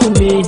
for me.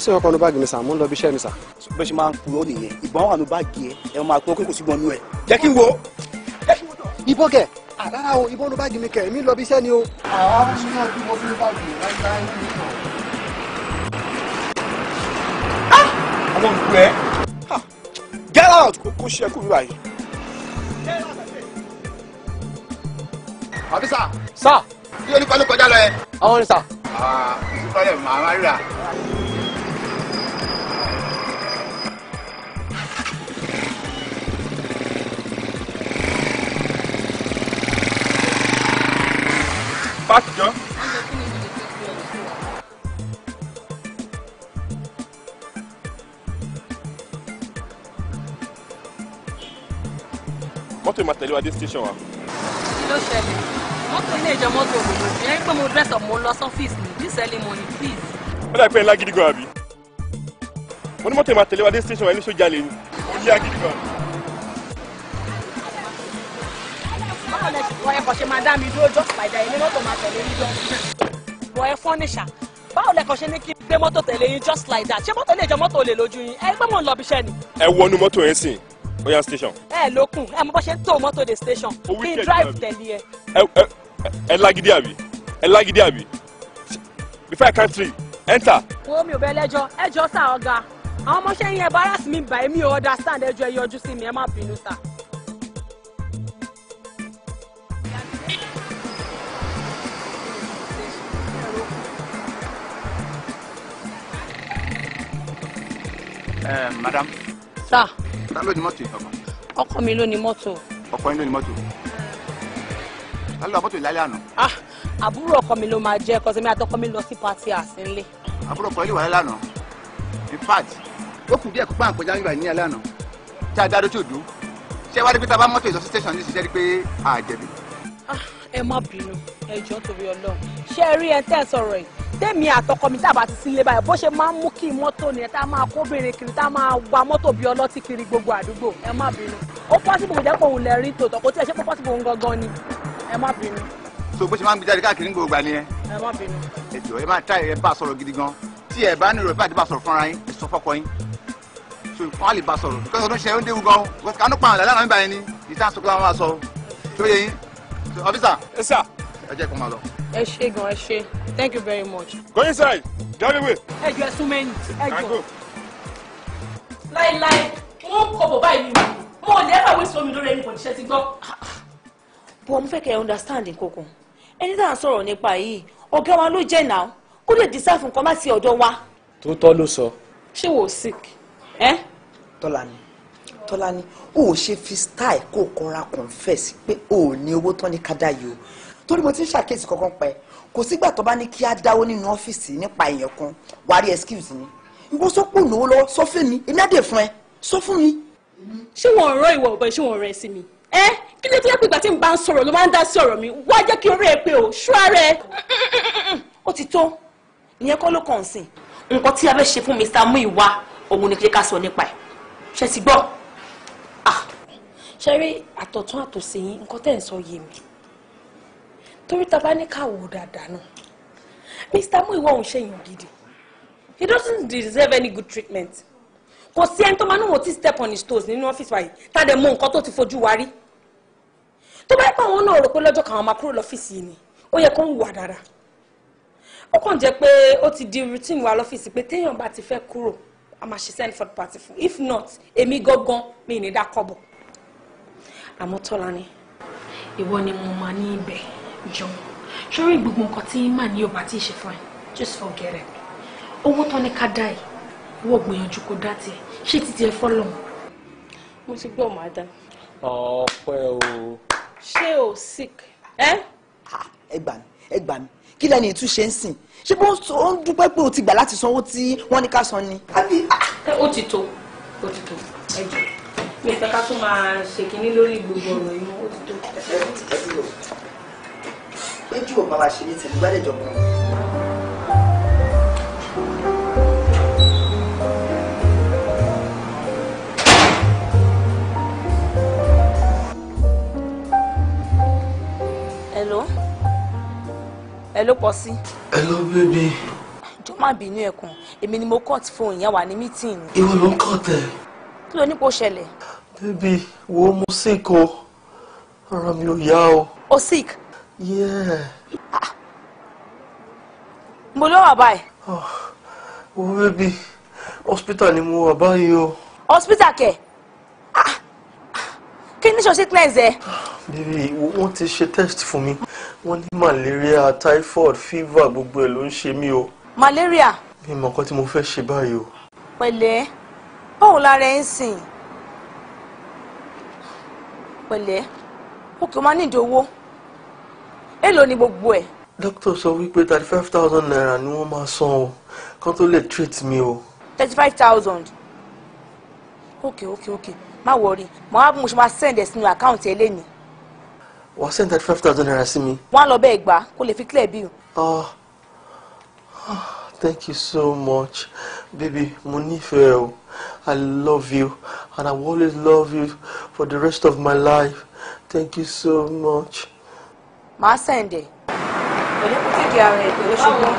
sí ọkọ̀ ní báàgì mi sà mò ń lọ bí iṣẹ́ mi sà. bẹ́ẹ̀ ṣe máa ń purọ́ nìyẹn ìbọn wà ní báàgì ẹ ẹ máa purọ́ pé kò nú ẹ. jẹ́ kí n wo. ìbọn kẹ àrárá o ìbọn ní báàgì mi kẹ èmi lọ bí iṣẹ́ ni o. àwọn aṣọ náà tí mo fi báàgì láíláí ní ìtàn. àwọn òkú ẹ ah! get out kó ṣe kú wíwá yìí. àbí sà. sà. bí olùkọ́ ló kọjá lọ yẹ. àwọn ni sà. ah ìsúkọ́lẹ̀ màmá rírà. lè wá dé station wa. kí ló ṣẹlẹ̀ mọ́tò ilé ìjọ mọ́tò òbòdò ìyẹn pé mo dress mo lọ sọ́fíìsì ní this early morning please. ó dà pé ńlá gidi gan àbí mo ní mọ́tò ìmọ̀ àtẹ̀lé wa dé station wa ẹni sójà lè ní ó yá gidi gan. báwo lẹ ṣe wọ ẹkọ ṣe máa dá mi dúró just by that mọ́tò máa tẹ̀lé mi lọ. bọ̀ ẹ fọ́nìṣà báwo lẹkọ ṣe ní kí gbé mọ́tò tẹ̀lé yín just like that ṣé mọ́tò ilé ìjọ mọ́tò olè lójú yín ẹ gbé mò ń lọ ibiṣẹ́ ni. ẹ wọnú mọ́tò yẹn sìn ó station ẹ lókun ẹ mọ bó ṣe ń tó mọ́tò de station kí n drive tẹ̀lé ẹ. ẹ lágídí àbí ẹ lágídí àbí before I count three enter. wo mi ò bẹ lẹ́jọ́ ẹjọ́ sá ọ̀gá àwọn ọmọọṣẹ́ yẹn embarrass mi bá èmi ò understand ẹjọ́ ẹ yọjú sí mi ẹ má bínú sá. Eh, madam. sá. ta ló ni mọ́tò ìfọ̀mọ́ ọkọ mi ló ní mọ́tò. ọkọ yín ló ní mọ́tò lálẹ́ wa mọ́tò ìlálẹ́ àná. Ah, àbúrò ọkọ mi ló máa jẹ́ kọ́sẹ́mi àtọkọ mi lọ sí pati àsínlé. àbúrò ọkọ ilé wà lálẹ́ àná in fact ó kù díẹ̀ kó pa àpọ̀já nígbà ní alẹ́ àná tí a dá dójú òdu ṣé wàá rí pé tá a bá mọ́tò ìlọsí tẹ̀sán ní ṣiṣẹ́ rí pé àjẹbí. Ah, ẹ má bínú ẹ jọ̀ọ́ torí Ọlọ́run ṣé ẹ rí ẹ tẹ́ sọ̀rọ̀ yìí tèmi àtọkọ mi tàbá ti sílé báyìí bó ṣe máa ń mú kí mọ́tò nìyẹn tá a máa kóbìnrin kiri tá a máa wa mọ́tò bíi ọlọ́tí kiri gbogbo àdúgbò ẹ má bínú ó pọ́sibù kò jẹ́ òun lè rí tòótọ́ kò tiẹ̀ ṣe pé pọ́sibù òun gangan ni ẹ má bínú. so bó ṣe máa ń gbìjáde káàkiri gbogbo àní ẹ. ẹ má bínú. ètò ẹ máa ta ẹ bá sọ̀rọ̀ gidi gan tí ẹ bá nílò ẹ bá ti bá sọ̀rọ̀ fúnra yín ẹ sọ fọ́kọ so wọn á lè bá sọ̀rọ̀ because ọdún ṣe ń déwu gan because kanú pa àwọn àlàlà náà ni yín officer. yes sir. I jẹ́ kó máa lọ. ẹ ṣe thank you very much. go inside get away. ẹ jọ ẹsùn mẹ́yìn ẹ jọ. láíláí Lie, kọ bọ̀ báyìí mi mo ò lè bá wí sọmi lórí ẹni kò níṣẹ́ ti gbọ́. bọ̀ mo fẹ́ kẹ́ ẹ understand Coco. Anything I saw on sọ̀rọ̀ nípa yìí ọ̀gá wa ló jẹ́ náà kó lè dísáfù nǹkan má sí ọ̀dọ̀ wa. tó tọ́ ló sọ. ṣé wò ó sick. Eh? tọ́lá ni Tọ́lání o ò ṣe fi style kó kanra confess pé o ò ní owó tán ní kádà yìí o torí mo ti ń ṣàkíyèsí kankan pẹ́ kò sígbà tó bá ní kí á dáwó nínú ọ́fíìsì nípa èèyàn kan wàá rí excuse ni ìwọ sọ́pọ̀ lówó lọ́wọ́ sọ fún mi èmi á dè fún ẹ sọ fún mi. ṣé wọn ò rọ ìwọ ọbẹ ṣé wọn ò rọ ẹ sí mi ẹ kí ló ti yẹ pé ìgbà tí n bá ń sọ̀rọ̀ ló máa ń dá sí ọ̀rọ̀ mi wá jẹ́ kí orí ẹ pé o ṣú ara ẹ. ó ti tó ìyẹn kọ́ ló kàn sí nǹkan tí a ṣe fún Mr. Muiwa òun ni kí ká sọ nípa ẹ̀ ṣe ti gbọ́ ṣẹ́rí àtọ̀tún àtòsí yín nǹkan tẹ̀ ń sọ yé mi torí ta bá ní káwọ́ dáadáa náà Mr. Muiwa òun ṣèyàn gidi he doesn't deserve any good treatment kò sí ẹni tó máa níwọ̀n tí step on his toes nínú ọ́fíìsì wáyé tá a dẹ̀ mọ nǹkan tó ti fojú wa rí tó bá yẹ pé àwọn náà rò pé lọ́jọ́ kan àwọn máa kúrò lọ́fíìsì yìí ni ó yẹ kó ń wà dáadáa ó kàn jẹ́ pé ó ti di routine wa lọ́fíìsì pé téèyàn bá ti fẹ́ kúrò a máa ṣe send third party fún if not èmi gangan mi ì ní dá kọ́bọ̀ àmọ́ tọ́lá ni. ìwọ ni mo máa ní ibẹ̀ jọun sórí gbogbo nǹkan tí mà ní ọba tí ì ṣe fún ẹ just forget it owó tán ní ká dá ẹ ìwọ gbìyànjú kó dá tiẹ ṣé títí ẹ fọlọ́run. mo ti gbọ́ màdá. ọpẹ́ o. ṣé o sick. ẹ gbà mí ẹ gbà mí kí lẹ́ni ìtúnṣe ń sìn ṣé bó ń dúpẹ́ pé o ti gbà láti sanwó tí wọ́n ní ká san ni. Ah, ó ti tó ó ti tó ẹ jù mi fẹ́ ká tún máa ṣèkínní lórí gbogbo ọ̀rọ̀ yìí ó ti tó. méjì ò máa ṣe ní tìlú gbálẹ̀ hello hello Pọ́sí. hello baby. jọ má bínú ẹkùn èmi ni mo cut fóònù yẹn wà ní mítìnì. ìwọ ló cut ẹ. kí ló ní kó ṣẹlẹ̀. Baby, wo mo sick o. Ara mi ò yá o. O sick? Yeah. Ah. Mo lọ wà báyìí. Oh, wo baby, hospital ni mo wà báyìí o. Hospital kẹ̀? Ah. Kí ni ṣo sickness ẹ? Baby, wọ́n ti ṣe test fún mi. Wọ́n ní malaria, typhoid, fever gbogbo ẹ̀ ló ń ṣe mí o. Malaria? Mi mọ̀ nǹkan tí mo fẹ́ ṣe báyìí o. Pẹ̀lẹ́, báwo lára ẹ̀ ń sìn? pẹ̀lẹ́ òkè ó máa ní ìdí owó ni gbogbo ẹ̀. dókítà sọ wípé thirty five thousand naira ni wọ́n máa san o kán tó lè treat me? o. thirty five thousand òkè òkè òkè má wọrí Mo mo ṣe máa send ẹ̀ sínú àkáǹtì ẹ̀ lẹ́nu. wà á send thirty five thousand naira sí mi. wọ́n á lọ bẹ́ẹ̀ gbà kó lè fi clear bill. ah ah thank you so much baby mo nífẹ̀ẹ́ o. I love you and I will always love you for the rest of my life. Thank you so much. Ma Sandy. Pẹ̀lú kò tí ì di ara ẹ̀ pẹ̀lú ṣùgbọ́n.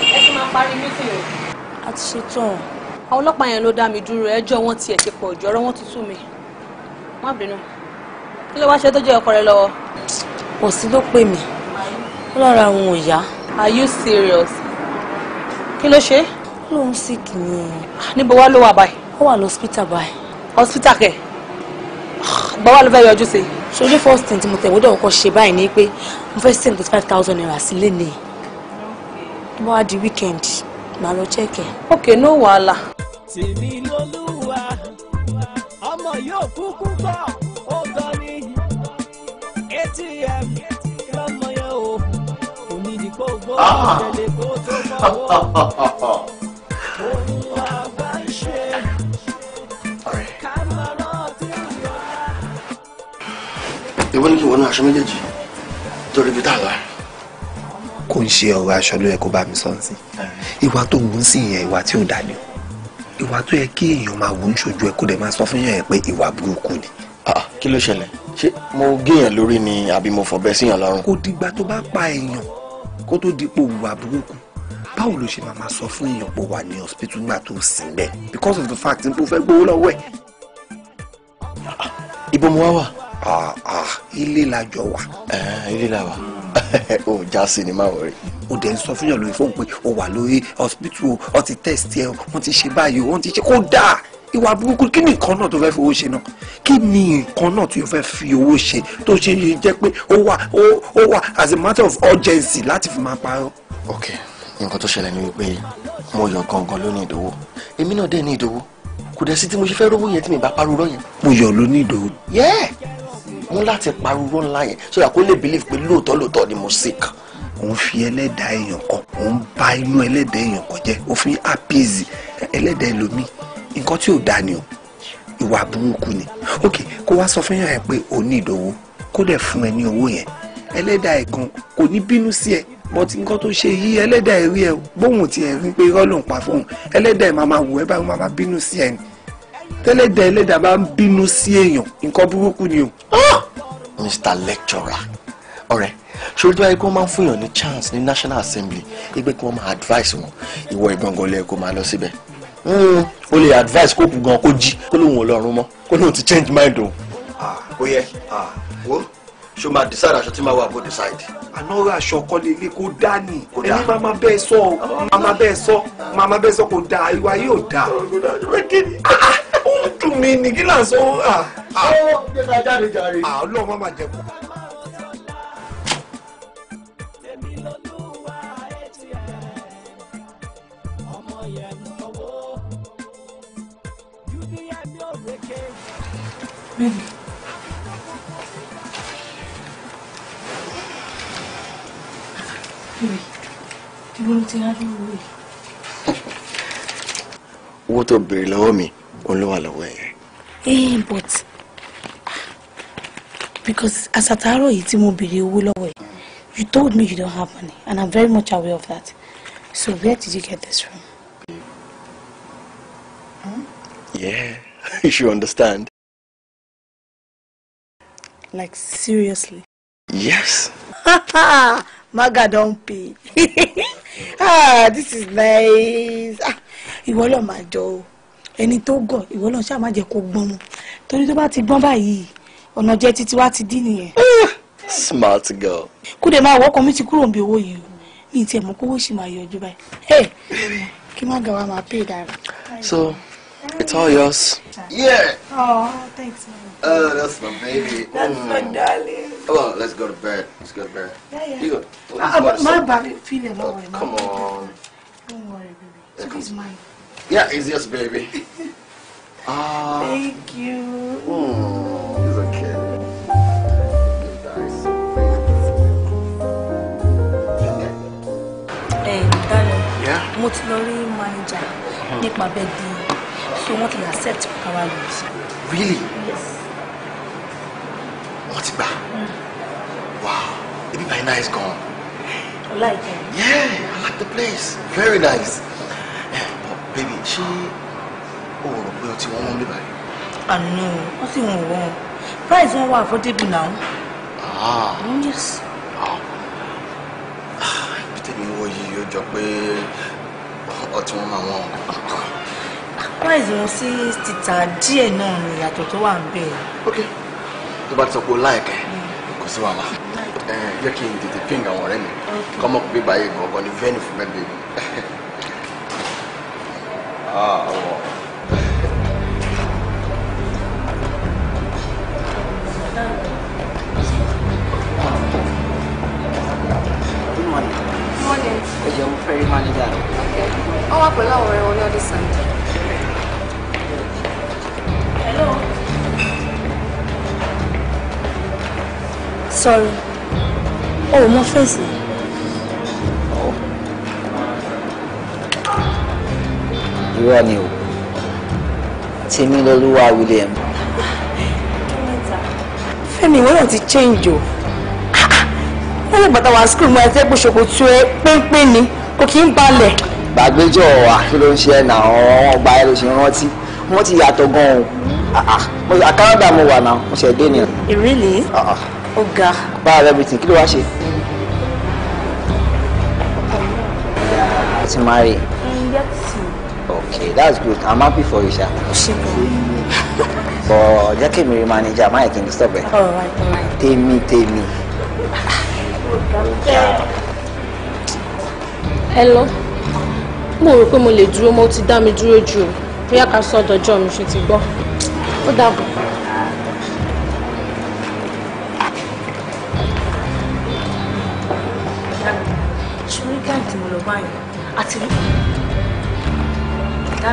Ẹ ti máa parí mítìrì. A ti ṣe tán. Àwọn ọlọ́pàá yẹn ló dá mi dúró ẹjọ́ wọn tiẹ̀ ti pọ̀ jù ọ̀rọ̀ wọn ti sú mi. Má bínú. Kí ló wá ṣe tó jẹ́ ọkọ rẹ lọ́wọ́? Kò sí ló pè mí. Ó lára àwọn ò Are you serious? Kí ló ṣe lóun sick ni. Ah, níbo wá ló wà báyìí. ó wà lọ́sítà báyìí. hospital kẹ̀ ah, gbọ́wọ́ ló fẹ́ yọjú sí. ṣojú first thing tí mo tẹ̀wé dọ̀kọ́ ṣe báyìí ni pé mo fẹ́ send twenty five thousand naira sílé ni tó wá di weekend màá lọ chẹ́kẹ̀. ok no wàhálà. tèmi lolúwa ọmọ yóò kúkú bọ̀ ó gbọ́ ní atm lọ́mọ yẹn o kò ní ìdíkó gbó tẹ̀lé kó tó bọ̀ wọ́. ìwọ ni kí wọn náà aṣọ méjèèjì torí bí tá kò ń ṣe ọ̀rọ̀ aṣọ ló yẹ kó bá mi sọ sí ìwà tó wù ú sí yẹn ìwà tí ò dá ni o ìwà tó yẹ kí èèyàn máa wù ú ṣojú ẹ kó dẹ̀ máa sọ fún yẹn pé ìwà burúkú ni. Ah, kí ló ṣẹlẹ̀ ṣé mo géèyàn lórí ni àbí mo fọ̀bẹ síyàn lọ́rùn. kò dìgbà tó bá pa èèyàn kó tó dipò ìwà burúkú báwo ló ṣe máa sọ fún èèyàn pé wà ní hospital nígbà tó sìn bẹ́ẹ̀ because of the fact n kò fẹ́ gbowó lọ́wọ́ ẹ̀. Ah, ibo mo wá wà. Ah, ah, ilé la jọ wà. Eh, ilé la wà o já sinimá wọ̀rẹ́. o dẹ̀ ń sọ fún yàn lórí pé o wà lórí hospital o ti test ẹ wọ́n ti ṣe báyìí wọ́n ti ṣe kó dáa ìwà burúkú kí ni nǹkan náà tó fẹ́ fi owó ṣe náà kí ni nǹkan náà tó fẹ́ fi owó ṣe tó ṣe jẹ́ pé ó wà ó wà as a matter of urgency láti fi máa parọ́. ok nǹkan tó ṣẹlẹ̀ ni wípé mo yọ gangan ló ní ìdòwò èmi náà dẹ̀ ní ìdòwò kò dẹ̀ sí tí mo ṣe fẹ́ rówó yẹn tí mi bá parọ́ yẹn. mo yọ ló ìdòwò. yẹ́ẹ̀ wọ́n láti pariwo ńlá yẹn so yà kó lè believe pé lóòótọ́ lóòótọ́ ni mo sick òun fi ẹlẹ́dàá èèyàn kan òun bà inú ẹlẹ́dàá èèyàn kan jẹ́ òfin apc ẹlẹ́dàá ẹlòmíì nǹkan tí ò da ni o ìwà burúkú ni ok kó wá sọ fẹ́yàn ẹ pé ò ní ìdòwò kó dẹ̀ fún ẹ ní owó yẹn ẹlẹ́dàá ẹ̀ gan kò ní bínú sí ẹ bọ́tí nǹkan tó ṣe yí ẹlẹ́dàá ẹ̀ rí ẹ bóun ti rí pé irọ́ pa fóun ẹlẹ́dàá ẹ̀ máa máa wò ẹ́ báyìí máa máa bínú sí ẹ ni tẹ́lẹ̀dẹ̀ ẹlẹ́dàá bá ń bínú sí èèyàn nǹkan burúkú ni o. Ah! Mr lecturer ọ̀rẹ́ ṣòro tó yẹ kó máa ń fún yàn ní chance ní National Assembly ẹgbẹ́ kí wọ́n máa advice wọn ìwọ ìgbọ̀ngàn lẹ́yìn kó máa lọ síbẹ̀ hmm, o lè advice kó kù gan kó jí kó lóun ọlọ́run mọ́ kó lóun ti change mind o. Ah, ó yẹ ah, wo ṣó máa decide aṣọ tí máa wà bó decide. ànára aṣọ kọ́ lélẹ̀ kó dá ní ẹni máa máa bẹ́ẹ̀ sọ máa máa bẹ́ẹ̀ sọ máa máa bẹ́ẹ̀ sọ kó dáa ìwà yóò dáa ń dùn mí ní kí là ń sọ. ó jẹ́ ká jáde jàre. àlọ́ má máa jẹ kù. Baby. Baby, ibo ló ti rá lówó yìí? Owó tó béèrè lọ́wọ́ mi olówó àlọ́wọ́ ẹ̀yẹ. ee eh, but because àsàtàárọ̀ yìí tí mo béèrè owó lọ́wọ́ ẹ̀ you told me you don't have money and i'm very much aware of that so where did you get this from. yeah you should understand. like seriously. yes. maga don pay ah this is nice ah, ìwọ lọ máa jọ o ẹni tó gọ̀ ìwọ náà ṣáà má jẹ́ kó gbọ́n mu torí tó bá ti gbọ́n báyìí ọ̀nà jẹ́ títí wá ti dín nìyẹn. smart girl. kúdè máa wọ́kọ̀ mi ti kúrò níbi owó yìí o mi tiẹ̀ mọ̀ kówó sì máa yọjú báyìí kí má gàwa máa pè dára. so it's all yours. yeah. oh thanks Oh, that's my baby. That's mm. my darling. Come on, let's go to bed. Let's go to bed. Yeah, yeah. You go. Ah, ah, oh, uh, my baby, feel it. Oh, come on. Don't worry, baby. So is mine. Yeah, easiest baby. Ah. Thank you. Mm, he's a kid. mo ti lọ rí manager hmm. nípa birthday so wọ́n ti accept our leave. really yes. wọ́n ti gbà hmm. wow ebi my nice gan. I like it. yeah I like the place very nice. Baby, ṣé o rò pé ọtí wọn wọ́n bí báyìí? Àná ọtí wọn ò wọ́n. Price wọn wà affordable now. Ah. Mm, yes. Ah. Ah, ibi tèmi wọ yìí ó jọ pé ọtí wọn máa wọ́n. Price wọn sí títà díẹ̀ náà ni ìyàtọ̀ tó wà ń bẹ̀. Ok, tó bá ti sọ pé o láìkẹ́, mm. kò sí wàhálà. Eh, jẹ́ kí n tètè pín àwọn ọ̀rẹ́ mi. Kọ́mọ̀ pé báyìí gangan ni venue fún bẹ́ẹ̀ bẹ́ẹ̀. Ah, Good morning. morning. Ẹ jẹ́ mo fẹ́ rí mánéjà rẹ̀. Ó wà pẹ̀lú àwọn ọ̀rẹ́ wọn Hello. Sorry. Oh, my fèsì. irọ́ ni o tèmi lọ́lúwa William. Fẹ́mi ìwọ náà ti change o wọ́n lè bàtà wá skul mú ẹsẹ̀ gbóṣogbo tí ó pínpín ni kò kí ń balẹ̀. gbàgbéjọ àfi ló ń ṣe ẹnà àwọn ọgbà ẹ ló ṣe rántí wọ́n ti yàtọ̀ gan-an ah, ah. àkàràdà mo wà náà mo ṣe dé ni. ìrírí ah, ó ga. báyọ̀ rẹ̀ bìtì kí ló wá ṣe. ó ti máa rí okay that's good i'm happy for you sha. but jẹ́ kí mi rí manager máa kí n disturb ẹ̀. tèmi tèmi. ẹ lọ mo rò pé mo lè dúró mo ti dá mi dúró jù o bóyá ká sọ ọdọjọ mi ṣe ti gbọ́ ó dàbọ̀. ṣùgbọ́n gáàdì mo a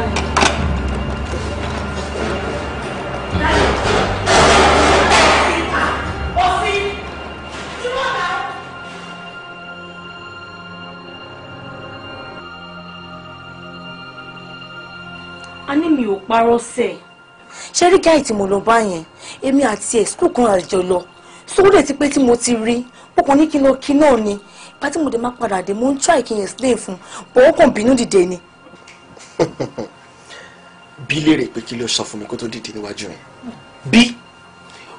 ní mi ò parọ́ sẹ̀. ṣé rí gáì tí mo lọ bá yẹn èmi àti ẹ̀ skul kan àjọ lọ sódẹ̀ ti pé tí mo ti rí ó kàn ní kí n lọ kí náà ni bá tí mo dé máa padà dé mo ń try kí fún un bọ̀ bínú dìde ni bí léèrè pé kí ló sọ fún mi kó tó dìde níwájú mi bí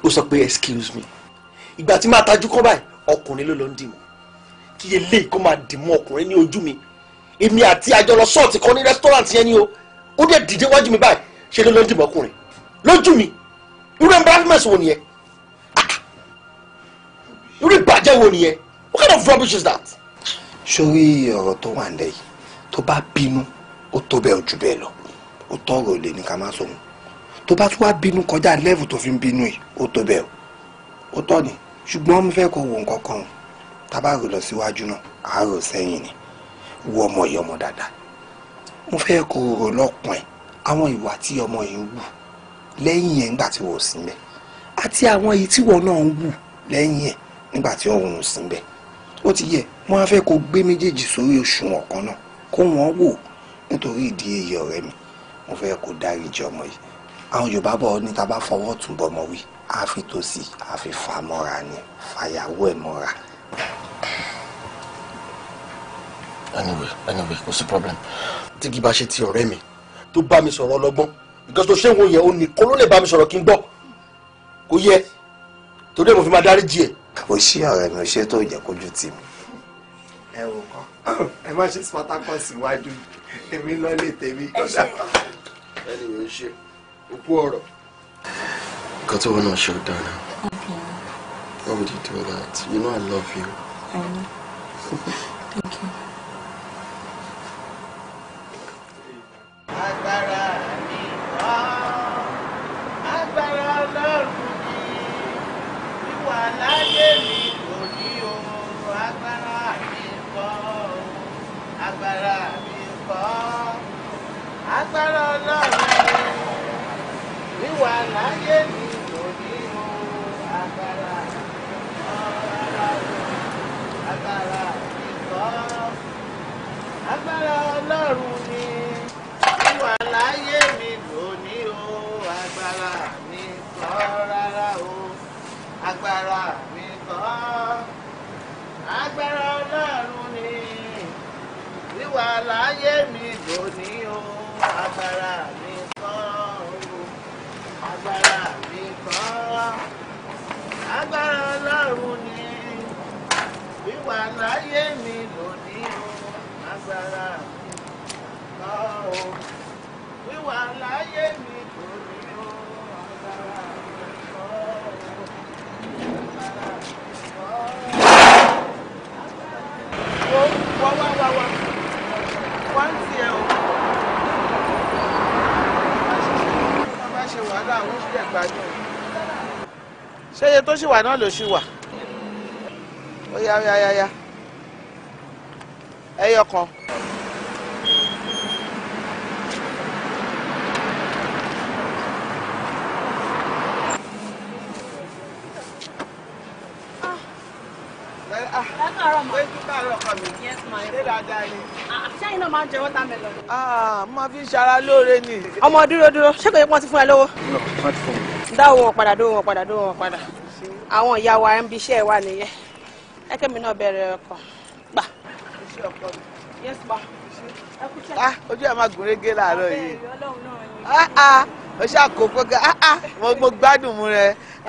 ó sọ pé excuse me ìgbà tí máa tajú kọ́ báyìí ọkùnrin ló lọ ń dì mọ́ kí eléyìí kó máa dì mọ́ ọkùnrin ní ojú mi èmi àti àjọ lọ sọ́ọ̀tì kan ní rẹ́sítọ́ràǹtì yẹn ni o ó dẹ̀ dìde wájú mi báyìí ṣe ló lọ ń dì ọkùnrin lójú mi irú embarrassment wo nìyẹn ah! irú ìbàjẹ́ wo nìyẹn what kind of rubbish is that. sórí ọ̀rọ̀ tó wà ń lẹ́yìn tó bá bínú ó tó bẹ́ẹ̀ ojú bẹ́ẹ̀ lọ ó tọrọ olè ní ká má sóhun tó bá tún wá bínú kọjá lẹ́ẹ̀fù tó fi ń bínú yìí ó tó bẹ́ẹ̀ ó tọ́ ni ṣùgbọ́n mo fẹ́ kó wo nǹkan kan tábà rò lọ síwájú náà àárò sẹ́yìn ni wo ọmọ yìí ọmọ dáadáa mo fẹ́ kó rò lọ́kùn ẹ̀ àwọn ìwà tí ọmọ yìí ń wù lẹ́yìn ẹ̀ nígbà tí wò ó sí bẹ́ẹ̀ àti àwọn èyí tí wọn náà ń wù lẹ́yìn ẹ̀ nígbà tí òun ò sí ó ti yẹ wọ́n á fẹ́ kó gbé méjèèjì sórí òṣùwọ̀n kan náà kó wọ́n wò nítorí ìdí èyí ọ̀rẹ́ mi mo fẹ́ kó dáríjì ọmọ yìí àwọn yorùbá bọ̀ ní ta bá fọwọ́ tún bọmọ wí a fi tòsí a fi fà mọ́ra ni fàyàwó ẹ̀ mọ́ra. anyway anyway kò sí problem tí kì í bá ṣe ti ọ̀rẹ́ mi tó bá mi sọ̀rọ̀ ọlọ́gbọ́n because tó ṣé wo yẹn o nìkan ló lè bá mi sọ̀rọ̀ kí n gbọ́ kò yẹ torí ẹ̀ mo fi máa dáríjì ẹ̀. kò sí ọ̀rẹ́ mi ò ṣe tó jẹ́ kójú tì mí. ẹ wò kán ẹ má ṣe pátákó síwájú èmi lọ lè tèmi kọ́dà ẹni ò ń ṣe òkú ọ̀rọ̀. nǹkan tó wọn náà ṣe ó dára. Why would you do that? You know I love you. I know. Thank you. wà láyé mi kò o àgbàrá àgbàrá ìkọ́ agbára ọlọ́run ni wà láyé mi kò ní o agbára mi kọ́ rárá o agbára mi kọ́ agbára ọlọ́run ni wíwà láyé mi kò ní o agbára mi kọ́ agbára mi kọ́ agbára ọlọ́run ni wíwà láyé mi lòdì agbára mi kọ́ wíwà láyé mi. tó ṣì wà náà ló ṣì wà ó yá yá yá yá ẹyọ kan. máa fi ṣara lóore ni. ọmọ dúró dúró ṣé kò yẹ kí wọ́n ti fún ẹ lówó. dáwọ́ wọn padà dówó wọn padà dówó wọn padà àwọn ìyá wa ń bí iṣẹ́ wa nìyẹn ẹkẹ́mi náà bẹ̀rẹ̀ ọkọ̀ gbà. iṣẹ́ ọkọ yes ma. ah ojú ẹ̀ máa gúnrégé láàárọ̀ yìí. ah ah o ṣe àkókò ga ah ah mo gbádùn mú rẹ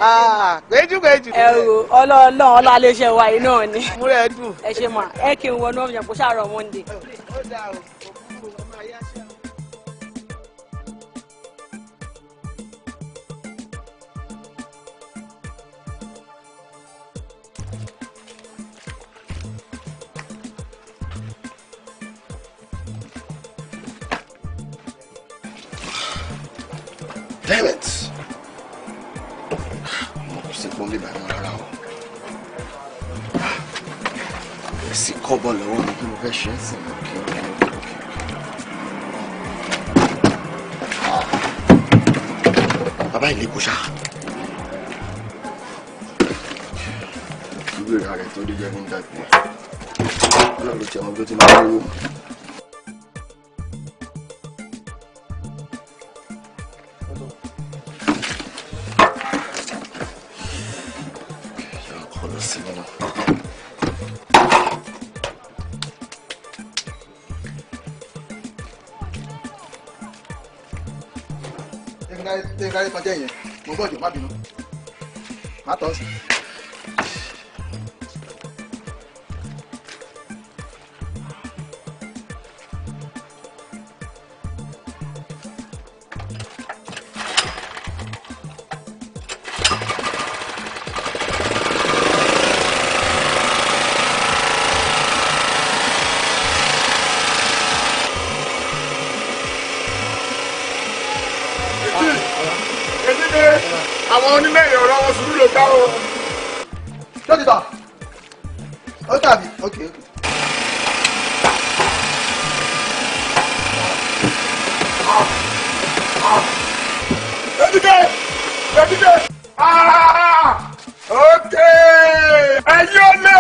ah péjú péjú. ẹ o ọlọ́ọ̀lọ́ọ̀ ọlọ́ọ̀lẹ́sẹ̀ wa yìí náà ni. mú rẹ dùn. ẹ ṣe mà ẹ kí n wọnú ọ̀fìyàn kó ṣàárọ̀ monday. ó dáa o. tiẹ̀ mọ́ ti máa ń wó. tẹ́ńkárí tẹ́ńkárí kan jẹ́ yẹn mo gbọ́dọ̀ má bínú má tọ́ Ẹ̀dídẹ́ ẹ̀dídẹ́ ókè ah! ẹ̀yin ó lè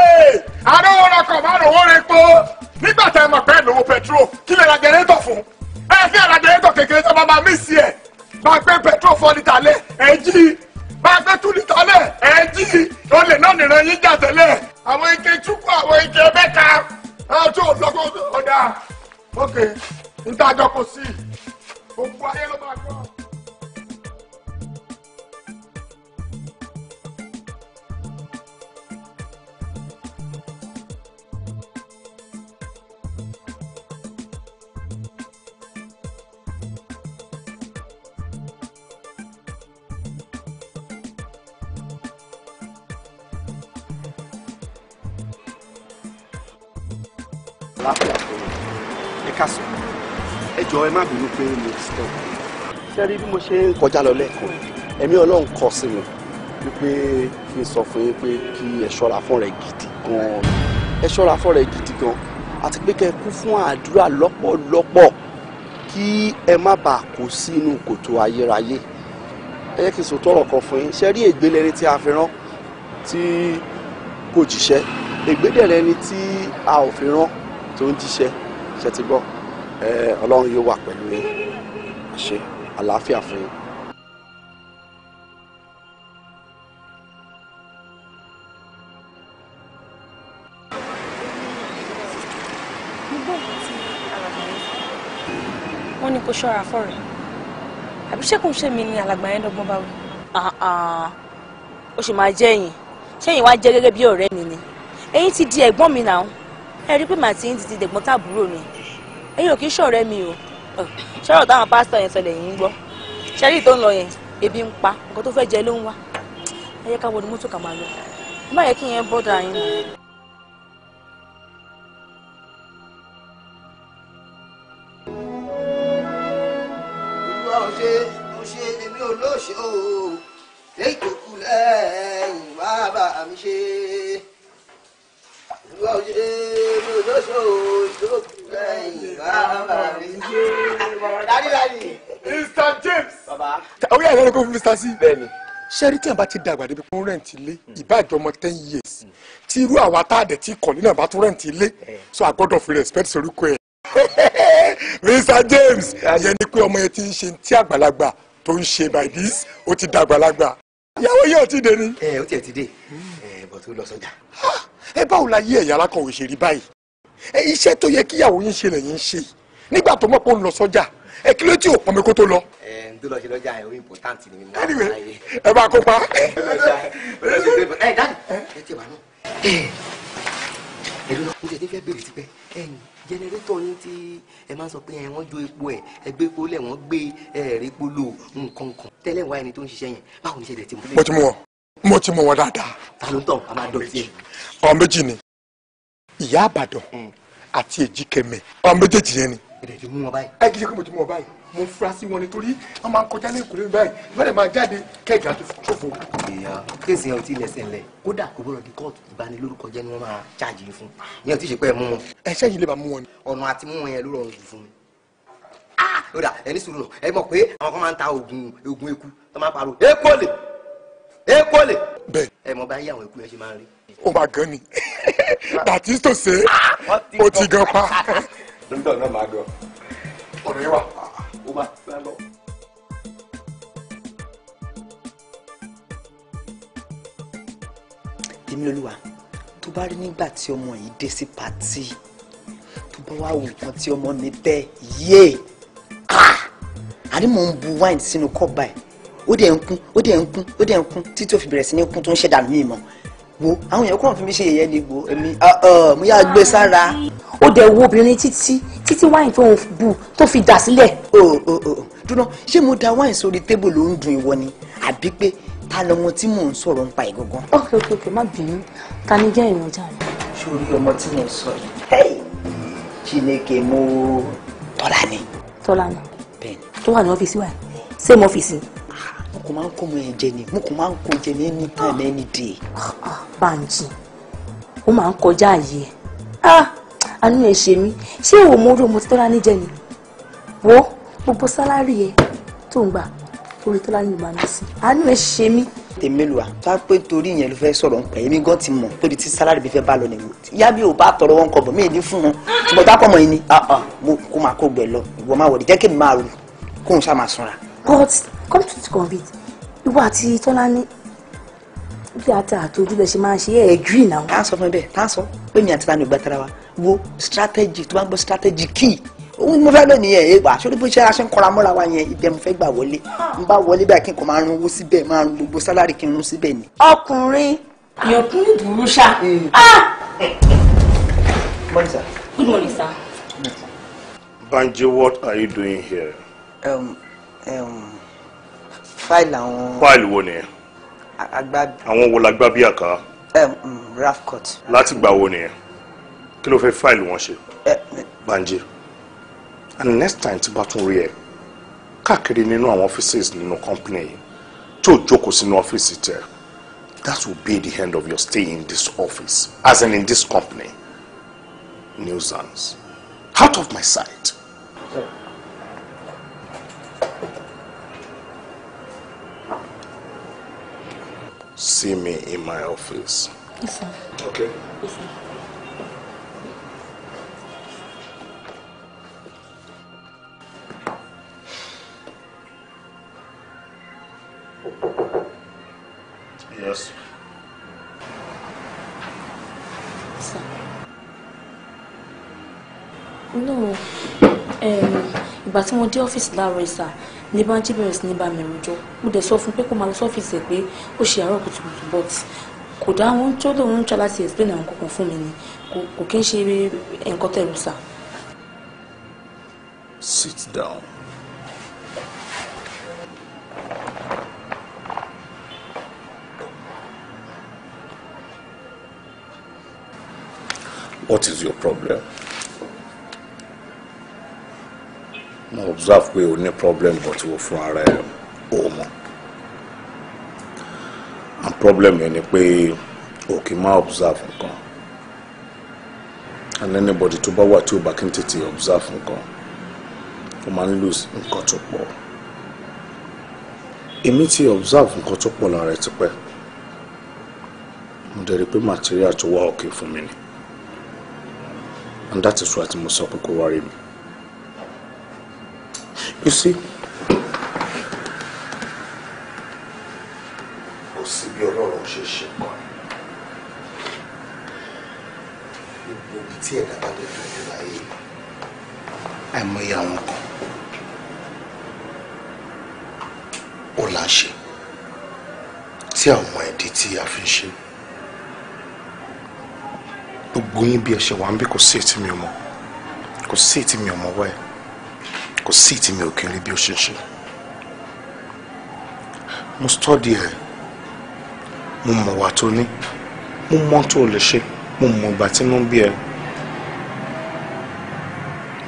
àdéhùn ọ̀nà kan máa lòwó rẹ pé nígbà tá ẹ mọ̀ pé lòwó pẹ̀tró kí lè ra jẹrẹ́tọ̀ fún ẹ fi ra jẹrẹ́tọ̀ kékeré tó bá máa mí sí ẹ̀ bá gbé pẹ̀tró fọ́ níta lẹ̀ ẹ̀ jí bá gbé tú níta lẹ̀ ẹ̀ jí olè náà nìran yín jà tẹ́lẹ̀ àwọn ike chukwu àwọn ike bẹ́ka ẹ̀ tó lọ́kọ̀ ọ̀dà ókè níta àjọkọ̀ sí i. ṣe ń kọjá lọ lẹ́kọ̀ọ́ ẹ̀mí ọlọ́run kọ sí mi wípé kí n sọ fún yín pé kí ẹ ṣọ́ra fún rẹ̀ gidi gan ẹ ṣọ́ra fún rẹ̀ gidi gan àti pé kẹ́ ẹ kú fún àdúrà lọ́pọ̀lọpọ̀ kí ẹ má bàa kó sínú kòtò ayérayé ẹ jẹ́ kí n sọ tọrọ kan fún yín ṣe rí ègbélẹ́ni tí a fi rán tí kò jíṣẹ́ ègbédẹ̀rẹ̀ tí a ò fi rán tó ń jíṣẹ́ ṣe ti gbọ́ ọlọ́run yóò wà pẹ̀lú yín àlàáfíà fún yín. wọ́n ní kó ṣọ́ra fọ́rẹ̀ àbí ṣẹ́kùn ṣe mi ni alàgbà yẹn dọ́gbọ́n bá wí. Ah, ah. ó sì máa jẹ́ ẹ̀yìn ṣẹ́yìn wá jẹ́ gẹ́gẹ́ bí ọ̀rẹ́ mi ni ẹ̀yin ti di ẹ̀gbọ́n mi náà ẹ rí pé màtí yín ti di ẹ̀gbọ́n tàbúrò ni ẹ̀yin ò kì í ṣọ̀rẹ́ mi o ṣọ́rọ̀ táwọn pásítọ̀ yẹn sọ lẹ́yìn ń gbọ́ ṣẹ́rí tó ń lọ yẹn ebi ń pa nǹkan tó fẹ́ jẹ ló ń wá ẹ yẹ ká wọnú mọ́tò kà lọ má yẹ kí yẹn bọ́dà yín. mo Mr. James. Baba. Ó yà lẹ́nu kó fún Mr. C. Bẹ́ẹ̀ni. Ṣẹ́rí tí a bá ti dàgbà débi kún rẹ̀ǹtì ilé ìbáàjọ́ ọmọ ten years tí irú àwa tá a dẹ̀ ti kọ̀ nínú àbá tún rẹ̀ǹtì ilé so I got fi respect sorúkọ ẹ̀. Mr. James yẹn ni pé ọmọ yẹn ti ń ṣe tí àgbàlagbà tó ń by this ó ti dàgbàlagbà. Ìyàwó yóò ti dé ni. Ẹ ó tiẹ̀ ti dé ẹ̀ bọ̀ tó lọ sọ́jà. Ẹ báwo la yí ẹ̀yà alákọ̀wé ṣe ẹ iṣẹ́ tó yẹ kíyàwó yín ṣe lẹ́yìn ṣe nígbà tó mọ̀ pé ó ń lọ sọ́jà ẹ kí ló tí ò pọnmi kó tó lọ. ẹ n tó lọ ṣe lọ́jà ẹ o important ni mi mọ àwọn ayé. ẹ bá kópa. ẹ dáàbò ẹ ti wà náà. ẹ ẹ lọ́nà oúnjẹ tí fẹ́ bèrè ti pẹ́ ẹ̀yìn jẹnẹrétọ̀ yín tí ẹ máa ń sọ pé ẹ wọ́n jó epo ẹ̀ ẹ gbé epo lẹ̀ wọ́n gbé ẹ̀rí epo lò nǹkan kan tẹ́lẹ̀ wá ẹni tó ń ṣiṣẹ́ yẹn báwo ni ṣe lè ti mú. a máa dọ̀tí ẹ̀. ọ̀ méjì ìyá àbàdàn àti èjìkẹmẹ ọmọ méjèèjì yẹn ni. èdèdè mú wọn báyìí. ẹ kì í ṣe pé mo ti mú wọn báyìí mo fura sí wọn nítorí wọn máa ń kọjá ní ìkùnrin báyìí wọn lè máa jáde kẹjà tó ṣòfò. èèyàn kéèsì yẹn ò tí ì lẹ́sẹ̀ ńlẹ̀ kódà kò gbọ́dọ̀ di kóòtù ìbanilórúkọ jẹ́ ni wọ́n máa ṣáàjì yín fún yẹn ò tí ì ṣe pé ẹ mú wọn. ẹṣẹ́ yìí lè máa mú wọn ni. ọ̀nà àti mú wọn yẹn ló rọrùn jù fún mi. Ah! ó dà ẹni sùúrù náà ẹ mọ̀ pé àwọn kan máa ń ta oògùn oògùn eku tó máa pariwo ekole ekole. bẹ́ẹ̀ ẹ mọ̀ bá àwọn eku yẹn ṣe máa ń rí ó máa gan ni that is to say ah, ó ti gan pa. dókítà náà máa gan ọ̀rọ̀ yẹn wà ó máa sá lọ. èmi olúwa tó bá rí nígbà tí ọmọ yìí dé sí pàtì tó bá wá wò nǹkan tí ọmọ mi tẹ yé ah! àní ń bu wáìnì sínú kọ́ọ̀bù báyìí ó dẹ̀ ń kún ó dẹ̀ ń kún ó dẹ̀ ń kún títí ó fi bẹ̀rẹ̀ sí ní kún tó ń ṣẹ̀dá mi wo àwọn èèyàn kúrò fún mi ṣe yẹyẹ lè wo èmi mo yà gbé sára. ó dẹ̀ wo obìnrin títí títí wáìnì tó ń bu tó fi dà sílẹ̀. dúró ṣé mo da wáìnì sórí tébù ló ń dùn ìwọ ni àbí pé ta lọmọ tí mò ń sọ̀rọ̀ ń pa ẹ̀ gangan. ok ok ok má bínú ta ni jẹ́ ìrìn ọjà rẹ. sórí ọmọ tí mò ń sọ yìí Chineke mo Tọ́lání. Tọ́lání. bẹ́ẹ̀ni. tó wà ní ọ́fíìsì wa ṣé mo fi sí i mo kò máa ń kó mo yẹn ni mo kò máa ń kó jẹ ní any time any day. Ah, ah, Bánjí ó máa ń kọjá àyè ẹ ah, àánú ẹ ṣe mí ṣé èwo mo rí ọmọ tí Tọ́lá ní ni wo gbogbo sálárì ẹ tó ń gbà orí Tọ́lá ní ìgbà mi sí àánú ẹ ṣe mí tèmélùwà tá a pé torí yẹn ló fẹ́ sọ̀rọ̀ nǹkan èmi gan ti mọ̀ pé tí sálárì mi fẹ́ bá lọ nìyí ìyá mi ò bá tọrọ wọn kọ bọ̀ mí èdè fún wọn ṣùgbọ́n tá a kọ́ mọ̀ yín ni kó máa kó gbẹ lọ ìwọ máa wọlé jẹ́ kí mi máa rù kóun ṣá máa sunra come to the convict. it ìwọ àti tọ́lání bí ata àtòjú lẹ ṣe máa ń ṣe ẹ̀ agree now. tá a sọ fún ẹ bẹ́ẹ̀ tá a sọ pé mi àti tani ò gbà tara wa wo strategy tó bá ń gbọ́ strategy key òun mo fẹ́ lónìí ẹ̀ ẹ̀gbà sórí bó ṣe aṣọ ń kọ́ra mọ́ra wa yẹn ibẹ̀ mo fẹ́ gbà wọlé n bá wọlé báyìí kí n kò máa rún owó síbẹ̀ máa rún gbogbo sálárì kí n rún síbẹ̀ ni. ọkùnrin ìyọkùnrin burú ṣá. Hmm. Ah! good morning sir. Banji, what are you doing here? Um, um, fáìlì àwọn. fáìlì wo nìyẹn. agbábí. àwọn wo la gbá bí àká. rafcot. láti gbà wo nìyẹn kí ló fẹ́ fáìlì wọn ṣe. Banji and next time tí bá tún rí ẹ káàkiri nínú àwọn offices nínú company yìí tó jókòó sínú ọ́fíìsì tẹ that will be the end of your stay in this office as in in this company nuisance out of my sight. Yeah. see me in my office. Yes, sir. Okay? Yes, sir. No. Um, ìgbà tí mo dé ọ́fíìsì láàárọ̀ sir ní báńkì bẹ̀rẹ̀ sí ní bá mi rojọ́ mo dẹ̀ sọ fún pé kó máa lọ sọ́fíìsì ẹ̀ pé ó ṣe àárọ̀ kùtùkùtù but kò dá wọn tó lóun ń tọ́ láti explain àwọn kankan fún mi ni kò kí n ṣe nǹkan tẹ̀rù sà. sit down. What is your problem? observe pé o ní problem but o fún ara ẹ o mọ̀ and problem yẹn ni pé o kì í máa observe nǹkan and anybody tó bá wà tí o bá kí n tètè observe nǹkan o máa ń lose nǹkan tó pọ̀ èmi ti observe nǹkan tó pọ̀ lára ẹ ti pẹ́ mo dẹ̀ pé material tó wá òkè fún mi ni and that is why mo sọ pé kó wá rí mi. You see? Kò sí bí ọlọ́run ṣe ṣe nǹkan ni. Gbogbo ibi tí ẹ̀dá bá lè fẹ́ ní láyé, àìmọye àwọn kan. Ó là ń ṣe tí àwọn ọmọ ẹ̀dí tí a fi ń ṣe. Gbogbo yín bí ẹ ṣe wà ń bí kò sí ètí mi ò mọ̀. Kò sí ètí mi ò mọ̀ wáyé kò sí ìtì mi ò kí n rí bí ó ṣe ṣe mo study ẹ mo mọ̀ wà tó ní mo mọ̀ tó lè ṣe mo mọ̀ ìgbà tí mo ń bí ẹ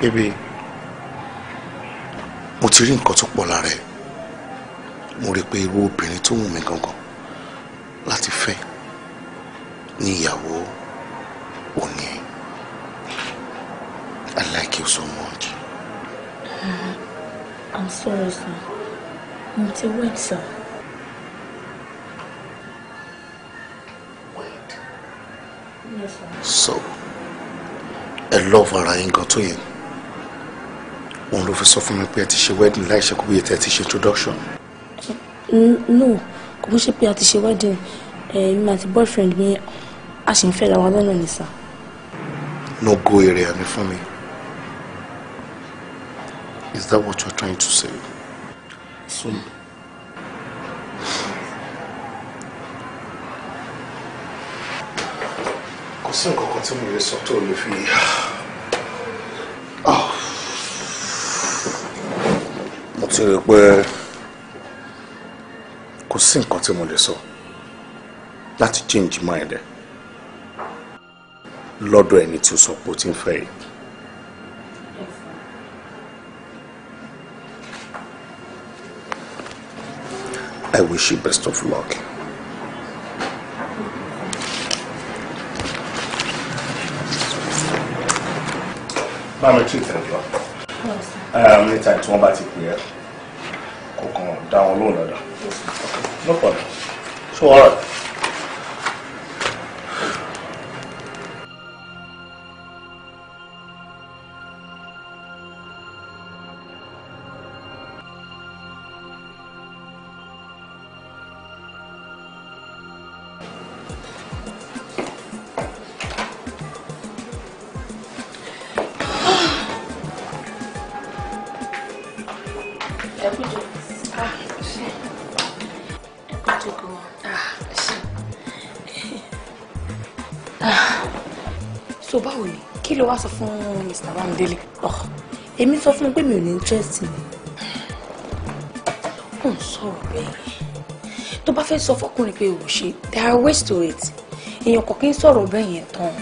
bébè mo ti rí nǹkan tó pọ̀ lára ẹ mo rí i pé irú obìnrin tó wù mí gangan láti fẹ́ ní ìyàwó òní ẹ. sọ̀rọ̀ mo ti wed sàn. so ẹ lọ́ọ̀fù ara yín gan tó yẹn òun ló fi sọ fún mi pé ẹ ti ṣe wedding láìṣe kó bí ẹ ti ṣe introduction. no kò bó ṣe pé a ti ṣe wedding èmi àti boyfriend mi a sì ń fẹ́ ra wa lọ́nà nìsa. no go èrè àmì fún mi. Is that what you're trying to say? Soon. Kò sí nǹkan kan tí mo lè sọ tó lè fi ah. mo ti rò pé kò sí nǹkan tí mo lè sọ láti change mind ẹ lọ́dọ̀ ẹni tí ó sọ pé ó ti ń fẹ́ yìí. I wish you best of luck. Mama, tí ìtẹ̀jọ́. Níta tí wọ́n bá ti pè ẹ́, kò kàn dá wọn No problem. So all èmi sọ fún mi pé mi ò ní interest ni ó ń sọ̀rọ̀ bẹ́ẹ̀ tó bá fẹ́ sọ fọkùnrin pé ò ṣe there are ways to it èèyàn kò kí ń sọ̀rọ̀ bẹ́ẹ̀ yẹn tán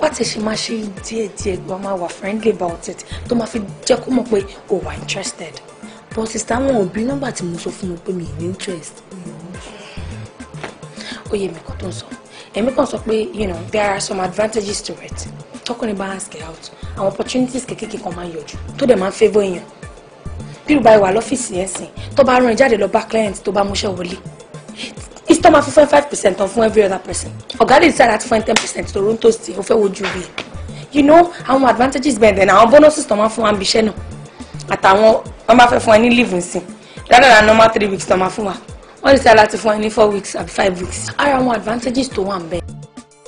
wá ti ṣe máa ṣe díẹ̀díẹ̀ gba máa wà friendly about it tó máa fi jẹ́ kó mọ̀ pé ò wà interested but sista wọn ò bí nígbà tí mo sọ fún mi pé mi ò ní interest ó yẹ mi kan tó ń sọ èmi kan sọ pé you know there are some advantages to it. Talk tọkùnrin bá ask her out àwọn opportunities kékeré kan máa ń yọjú tó dẹ̀ máa ń favour èèyàn bí ìrùbá ìwà lọ́fíìsì yẹn sìn tó bá rán ẹ jáde lọ to client tó bá múṣẹ́ wọlé istọ́ máa fún five percent tán fún every other person ọ̀gá lè decide láti fún ten percent to run tó sì ó fẹ́ wojú you know àwọn advantages bẹ́ẹ̀ dẹ̀ àwọn bonuses tó máa fún wa ń biṣẹ́ náà àtàwọn wọn bá fẹ́ fún ẹ ní leave nsìn ládàá normal three weeks tó máa fún wa wọ́n decide láti fún ẹ ní four weeks àbí five weeks ara àwọn advantages tó wà ń bẹ́ẹ̀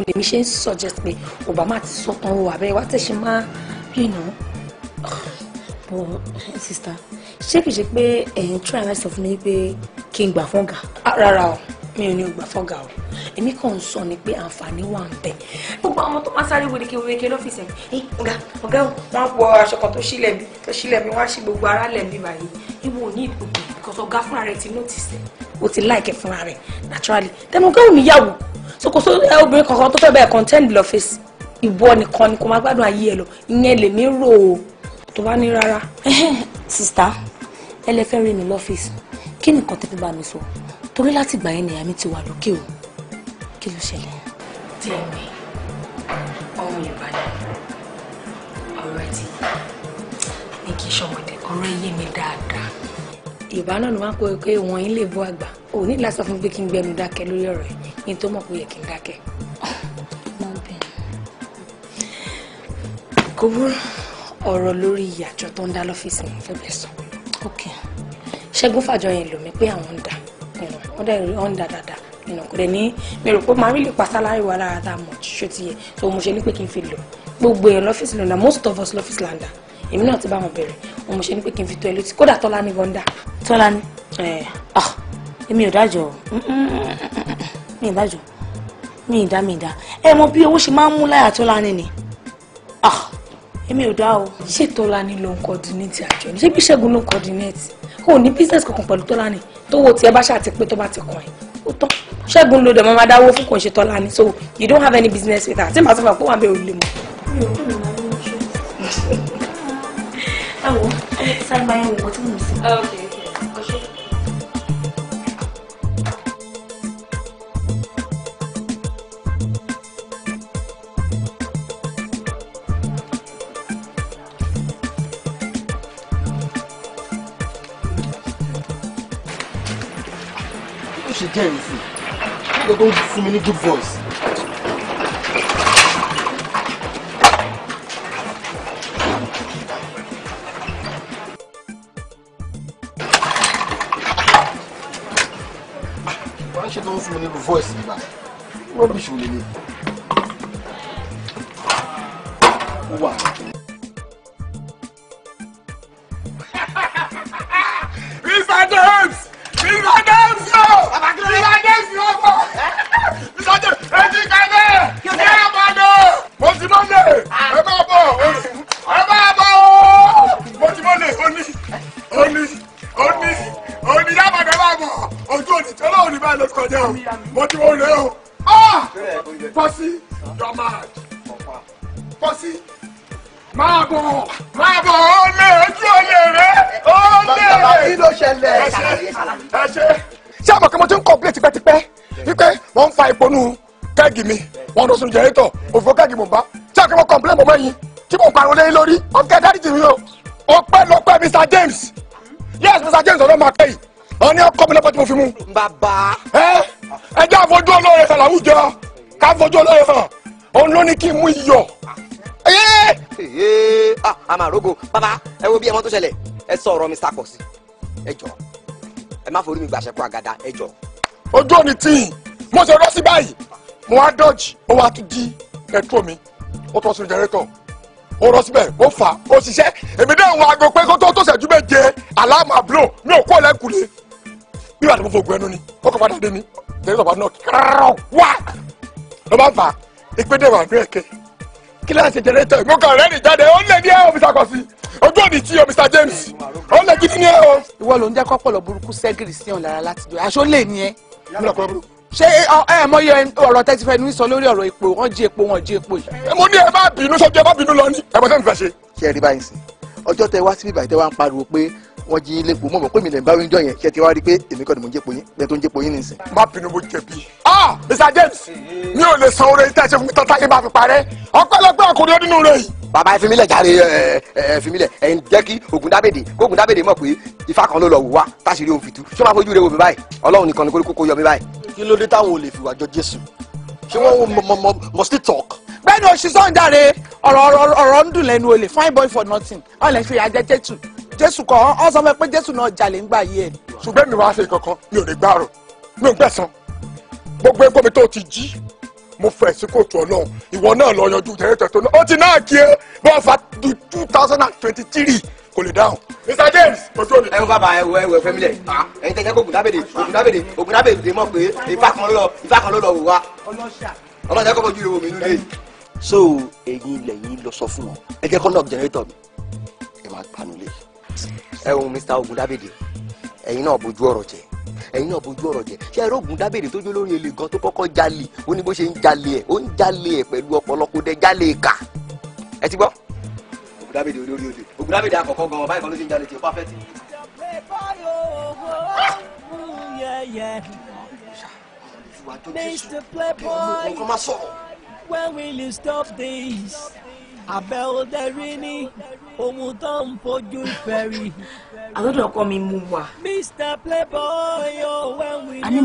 lèmi ṣe ń suggest pé Obama ti sọ tán o àbẹ̀rẹ̀ wa tẹ̀sí máa yìnbọn. bọ́ sista. You ṣé kìí ṣe pé ẹ̀yin tún àrà sọ fún mi pé kí n gbà fọ́gà. rárá o mi ò ní gbà fọ́gà o èmi kàn ń sọ ni pé àǹfààní wà ń bẹ gbogbo àwọn tó máa sáré wèrèké wèrèké lọ́fíìsì ẹ̀yìn ọ̀gá ọ̀gá o wọ́n wọ aṣọ kan tó sílẹ̀ bí tó sílẹ̀ bí wọ́n á gbogbo ara lẹ̀ báyìí ìwọ ní ìdòkè because ọ̀gá fúnra rẹ̀ ti notice o ti láìkẹ́ fúnra rẹ̀ naturally tẹ̀mọ̀ ọ̀gá ò níyàwó sokoso obìnrin kankan tó fẹ́ bẹ́ẹ̀ contend lọ́fíìsì ìwọ nìkan ni kò máa gbádùn ayé ẹ lọ ìyẹn lèmi rò ó tó bá ní rárá. sista tẹ́lẹ̀ fẹ́ rí mi lọ́fíìsì kí nìkan tẹ́ fi bá mi sọ torí láti gbà yẹn nìyá mi ti wà lókè o kí ló ṣẹlẹ̀. tẹ̀mí ọmọ ìbàdàn ọ̀rọ̀ ti ní kí sọmọdé ọ̀rọ̀ yé mi dáadáa. yorùbá náà ni wọn kọ pé wọn yín lè bọ àgbà ò ní láti sọ fún pé kí n gbẹnu dákẹ́ lórí ọ̀rọ̀ yìí ní tó mọ̀ pé ó yẹ kí n dákẹ́. kò burú ọ̀rọ̀ lórí ìyàjọ́ tó ń dá lọ́fíìsì ní fẹ́ sọ ok ṣẹ́gun fàjọ yẹn lò mí pé àwọn ń dà wọ́n dẹ̀ rí ọ̀ǹda dáadáa ìnà kò dẹ̀ ní mi rò pé màá rí lè pa sálárì wa lára tá a mọ̀ ṣó ti yẹ tó mo ṣe ní pé kí n fi lò gbogbo èèyàn lọ́fíìsì lọ́ndà most of us lọ́fíìsì lọ́ndà èmi náà ti bá wọn bẹ̀rẹ̀ wọn mo ṣe ní pé kí n fi tó ẹ létí kódà tọ́lá ní gọ́ńdà. tọ́lá ní. ẹ ah èmi ò dájọ́ mi ì dájọ́ mi ì dá mi ì dá ẹ mọ bí owó ṣe máa ń mú láyà tọ́lá ní ni ah èmi ò dá o ṣé Tọ́lání ló ń coordinate àjọ ni ṣé bí Ṣẹ́gun ló ń coordinate o ní business kankan pẹ̀lú Tọ́lání tó wo tiẹ̀ bá ṣáà ti pé tó bá ti kàn ẹ́ ó tán Ṣẹ́gun ló dẹ̀ mọ́ máa dáwó fún kò ṣe Tọ́lání so you don't have any business with her àti màá sọ fún àpòwà bẹ́ẹ̀ ò lè mọ́. àwọn sábà yẹn wò ó tí mo sì. jẹ́ ìsìn nígbà tó ń fún mi ní good voice. wọ́n ṣe tó ń fún mi ní good voice nígbà rọ́bìṣì ò lè kí wọ́n complain mọ́ mẹ́yìn tí mo pariwo lẹ́yìn lórí ọ̀kẹ́ dáríjì mi o ọpẹ́ lọpẹ́ Mr James yes Mr James ọ̀dọ́ máa pẹ́ yìí ọ̀ní ọkọ mi lọ́pọ̀ tí mo fi mú. bàbá. ẹ ẹ jẹ́ àfojú olóore kan láwùjọ ká fojú olóore hàn òun ló ní kí n mú iyọ̀. àmàrógo bàbá ẹ wo bí ẹ mọ tó ṣẹlẹ̀ ẹ sọ ọ̀rọ̀ Mr Kọ̀sí ẹ jọ ẹ má forí mi gbàṣẹ kó àgàdà ẹ jọ. ojú òní tíì mo ṣe rọ́ọ̀sì báyìí mo wá dọ́jì ó wá tún dí pẹ̀tró mi ó tọ́ sínú jẹrẹtọ̀ ó rọ síbẹ̀ ó fà ó ṣiṣẹ́ èmi náà wọ aago pé kó tó tó ṣẹ́jú méje aláàmà blow mi ò kó lẹ́kùnrin bí wàá tó fọ ògùn ẹnu ni ó kọ́ padà dé mi jẹrẹtọ̀ bá náà kárọ̀ wá ló bá fà ìpédè wà ní ẹ̀kẹ́ kí láti jẹrẹtọ̀ mo kàn rẹ́rìn jáde ó lè ní ẹ̀ ọ́fíìsà kan sí ojú òní tí o Mr James ó lè kí ní ẹ̀ o. ìwọ ló ń jẹ́ kọ́pọ̀lọ̀ burúkú sẹ́gìrì sí ọ̀n lára láti dùn aṣọ lè ní ẹ ṣé ẹ mọyẹ ọ̀rọ̀ tẹ́tí fẹ́ ní sọ lórí ọ̀rọ̀ epo wọ́n jí epo wọ́n jí epo yìí. mo ní ẹ bá bínú sọ́jú ẹ bá bínú lọ ní ẹ bá sẹ́ni fẹ́ ṣe. ṣé ẹ rí báyìí sí ọjọ́ tẹ wá síbí ìbàdí tẹ wá ń pariwo pé wọ́n jí ilé epo mọ̀mọ́ pé mi lè ń bá wíńdọ̀ yẹn ṣe ti wá rí pé èmi kọ́ ni mo ń jẹ́ epo bẹ́ẹ̀ tó ń jẹ́ epo nìsín. má bínú mo jẹ̀bi. ah Mr James mi ò lè san oore tẹ́ ẹ ṣe fún mi tọ́ta yín bá fi parẹ́ ọpẹ́lọpẹ́ ọkùnrin onínú rẹ̀ yìí. bàbá ẹ fi mí lẹ̀ jàre ẹ ẹ fi mí lẹ̀ ẹ ń jẹ́ kí Ògúndábèdè kó Ògúndábèdè mọ̀ pé ifá kan ló lọ wò wá táṣìírí òun fi tú ṣé fojú rẹ wò mí báyìí Ọlọ́run nìkan ni kókó yọ mí báyìí kí ló dé táwọn olè fìwà jọ jésù ṣé wọ́n mọ̀ sí talk. bẹ́ẹ̀ni oṣù sọ́ńdàre ọ̀rọ̀ ọ̀rọ̀ ọ̀rọ̀ ń dùn lẹ́nu olè fine boy for nothing ọ̀lẹ̀ fi àjẹ jésù jésù kọ́ ọ sọ pé jésù náà jalè ń gbà yí ẹ̀. ṣùgbọ́n mi wàá ṣe kankan mi ò lè gbàrò mi ò gbẹ̀san gbogbo egbò mi tó ti jí mo fẹ̀ sí kóòtù ọlọ́run ìwọ náà lọ yanjú jẹ́rẹ́tẹ̀ tó náà ó ti náà kí ẹ bọ́ọ̀ fa du two thousand and twenty three kò lè dáhùn. Mr James ojú òní. ẹ wọ bàbá ẹ wọ ẹ wọ ẹfẹ mílẹ ẹyin tẹjẹ kó ògùndábèdè ògùndábèdè ògùndábèdè mọ̀ pé ìfà kan lọ ìfà kan ló lọ wò wá. ọlọ́ṣà ọlọ́ṣà kọ́kọ́ ju ìwò mi nílé. so ẹ̀yin lẹ́yìn lọ sọ fún wọn ẹ jẹ́ kọ́ńdọ̀ jẹnẹrétọ̀ mi ẹ máa panu lé. ẹ wo Mr Ògùndábèdè ẹ̀yin náà bójú ọ̀rọ̀ jẹ́ ẹ̀yin náà bójú ọ̀rọ̀ jẹ́ ṣé arógun dábèrè tó lórí ele gan tó kọ́kọ́ jalè ó ní bó ṣe ń jalè ẹ̀ ó ń jalè ẹ̀ pẹ̀lú ọ̀pọ̀lọpọ̀ dẹ jalè ìkà ẹ ti gbọ́. ogun dábèrè olórí olè ogun dábèrè àkọ́kọ́ gan ọba ìkọlóṣe ń jalè tí ó pàfẹ́ tì. Mr. Playboy, when will you stop this? Abel Derini. ohun tó ń fojú ìfẹ́ rí. mi mú wa. Mr. Playboy yóò wẹ́ a mi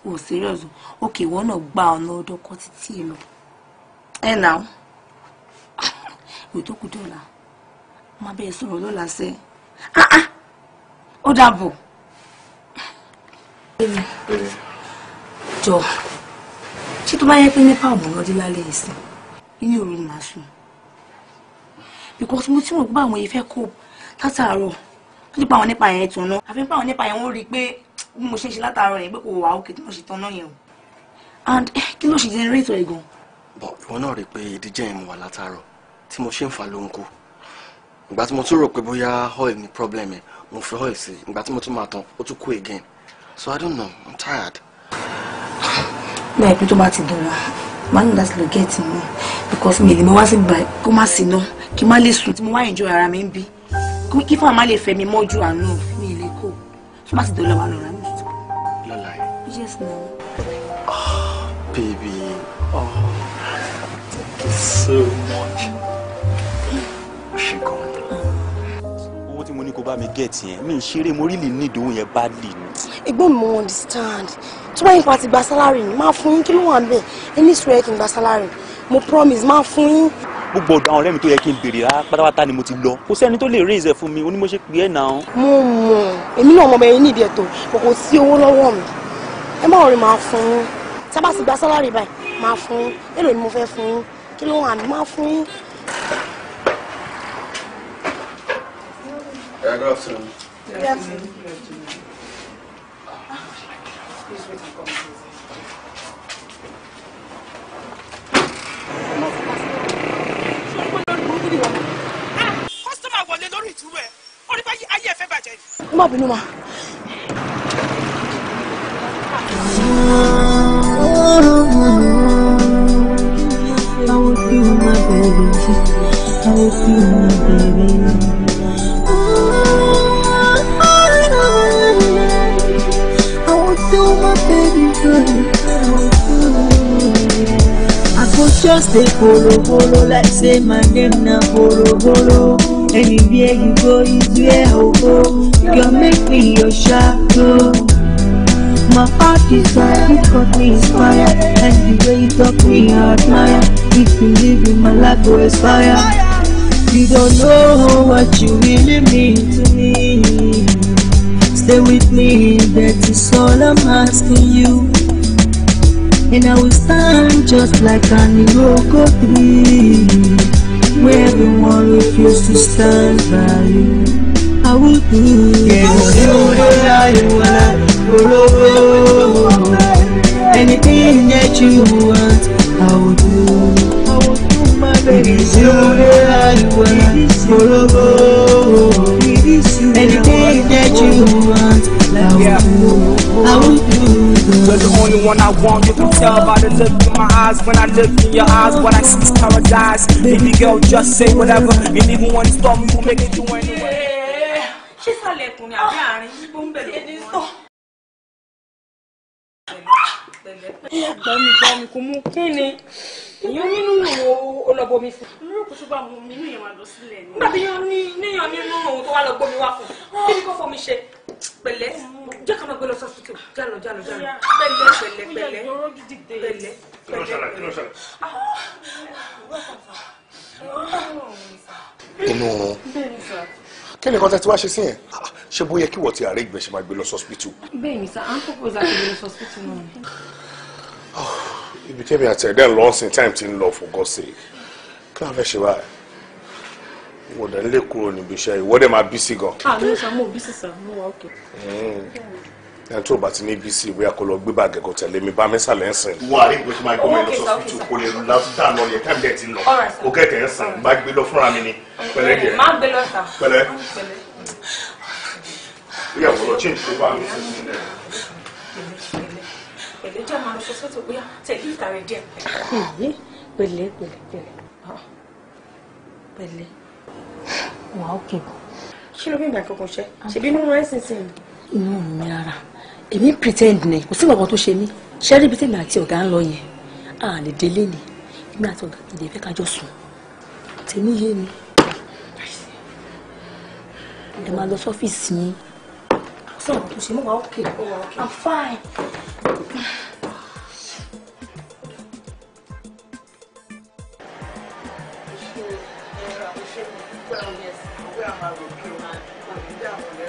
o oh, serious náà gba ọnà títí lọ. ẹ nà ó ìwé tó kù bẹ́ẹ̀ sọ̀rọ̀ ṣé tó bá yẹ pé nípa ọ̀bùn lọ́dí lálẹ́ ìsìn inú òru ni màá sùn because mo ti mọ̀ pé àwọn ìfẹ́ kò látàárọ̀ tó ti pa àwọn nípa yẹn tún náà àfi pa àwọn nípa yẹn wọ́n rí i pé bí mo ṣe ń ṣe látàárọ̀ yẹn pé kò wà òkè tí mo ṣe tanná yẹn o and eh, kí ló ṣe jẹnrétọ̀ ẹ̀ gan. ìwọ náà rí i pé ìdíjẹ́ yẹn mo wà látàárọ̀ tí mo ṣe ń fa ló ń kú ìgbà tí mo tún rò pé bóyá oil ni problem yẹn mo fi oil sí ìgbà tí mo tún máa tán ó tún kú again so i don't know i'm tired bẹ́ẹ̀ pé tó bá ti dọ̀la máa ní láti lọ gẹ́ẹ̀tì mọ́ because mi ni mo wá sí gbà kó má sí náà kí má lè sùn tí mo wá enjoy ara mi ń bí kí fún àmà lè fẹ́ mi mọ́jú àánú mi ì lè tó bá ti dọ̀la wà lọ́ra mi. lọ́la yìí. Ah, baby oh, thank you so much. ṣe gan-an. Mm. owó tí mo ní kó bá mi gẹ̀ẹ́tì yẹn mi ń ṣeré mo rí lè ní ìdòwò yẹn bá lè ní ẹ̀gbọ́n mi mo understand tí wọ́n yín pa ti gba sálárì ni máa fún yín kí ló wà ń bẹ̀ ẹni sùúrù kí n gba sálárì mo promise máa fún yín. gbogbo ọ̀dọ̀ àwọn ọ̀rẹ́ mi tó yẹ kí n béèrè rárá pátápátá ni mo ti lọ kò sẹ́ni tó lè raise ẹ̀ fún mi oní mo ṣe pè é náà. mo mọ èmi náà mọmọ ẹyin nídìí ẹ̀tọ́ kòkò sí owó lọ́wọ́ mi ẹ má rí máa fún yín sábà sì gba sálárì báyìí máa fún yín èlò ni mo fẹ́ fún yín kí ló wà ní máa fún yín. Good afternoon. Good afternoon. kọ́sítọ́mà wọlé lórí ìtúrú ẹ̀ orí báyìí ayé I will be my baby. I will be my baby. just dey bolo bolo like say my name na bolo bolo anywhere you go you where i go you make me your shadow. My heart is fire, it got me inspired And the way you talk me I admire If you live in my life will fire. You don't know what you really mean to me Stay with me, that is all I'm asking you And I will stand just like an Iroko tree Where everyone refuses to stand by you I will do Anything that you want, I will do It is you that I want it. is Anything that you want, I will do You're the only one I want, you can tell by the look in my eyes When I look in your eyes, what I see is paradise Baby girl, just say whatever And even when it's storm, you make it do anyway Ṣé sàlẹ̀ ẹ̀kùn ni àbí àárín gbígbó ń bẹ̀rẹ̀ lọ́wọ́? nínú wo olọ́bọ fún. Mo rò bá mu mi inú yẹn wà lọ sílẹ̀ Nígbà tí yẹn ní yẹn nínú òun tó wá lọ gbómi wá fún. Kí ni kò fọ́ mi ṣe? pẹ̀lẹ́ jẹ́ ká máa gbé lọ sọ́sítù jálọ jálọ jálọ pẹ̀lẹ́ no. pẹ̀lẹ́ pẹ̀lẹ́ pẹ̀lẹ́. inú wọn kí ni kan tẹ́ ti wá ṣe sí yẹn ah, ṣé bóyá kí wọ́n ti àárẹ̀ ìgbẹ́ ṣe máa gbé lọ sọ́sítù. bẹ́ẹ̀ni sá à ń propose àti gbé lọ sọ́sítù náà ni. Ah, ibi kẹ́mi àti ẹ̀dá lọ́sìn time ti ń lọ for God's sake kí wọ́n fẹ́ ṣe báyìí wò dẹ̀ ń lè kúrò níbi iṣẹ́ ìwọ dẹ̀ máa bísí gan. àmì ah, ìṣà mo bísí sà mo wà òkè. ẹni tó bá ti ní bísí ìwé akọlọ gbé bàgẹ́ kò tẹ̀lé mi bá mi sàlẹ̀ ń sìn. wọ́n àrí ìgbésí máa gbọ́mọ ẹ̀lọ́sọ̀ fìtú kò lè lọ dáná yẹ káàmì dẹ̀ ti lọ kò kẹ̀kẹ́ ń sìn bá gbé lọ fúnra mi ni pẹ̀lẹ́ yẹ pẹ̀lẹ́ ìyàwó lọ change pẹ̀lẹ́ pẹ̀lẹ́ pẹ̀lẹ́ ah, pẹ̀lẹ́ ah wà á òkè gan. ṣé ló bí ìgbà kankan ṣe ah. ṣèbí inú rẹ sísìn. inú mi rárá èmi pretend ni kò sí nǹkan tó ṣe mí ṣé rí ibi tèmi àti ọ̀gá ń lọ yẹn à lè délé ni èmi àti ọ̀gá kìdí ẹ̀fẹ́ kájọ sùn tèmi yé mi ẹ máa lọ sọ́fíìsì yín. kò sí tó ṣe mọ́ wà á òkè i'm fine. àmàròkè o kò ní jẹ́ o kò ṣe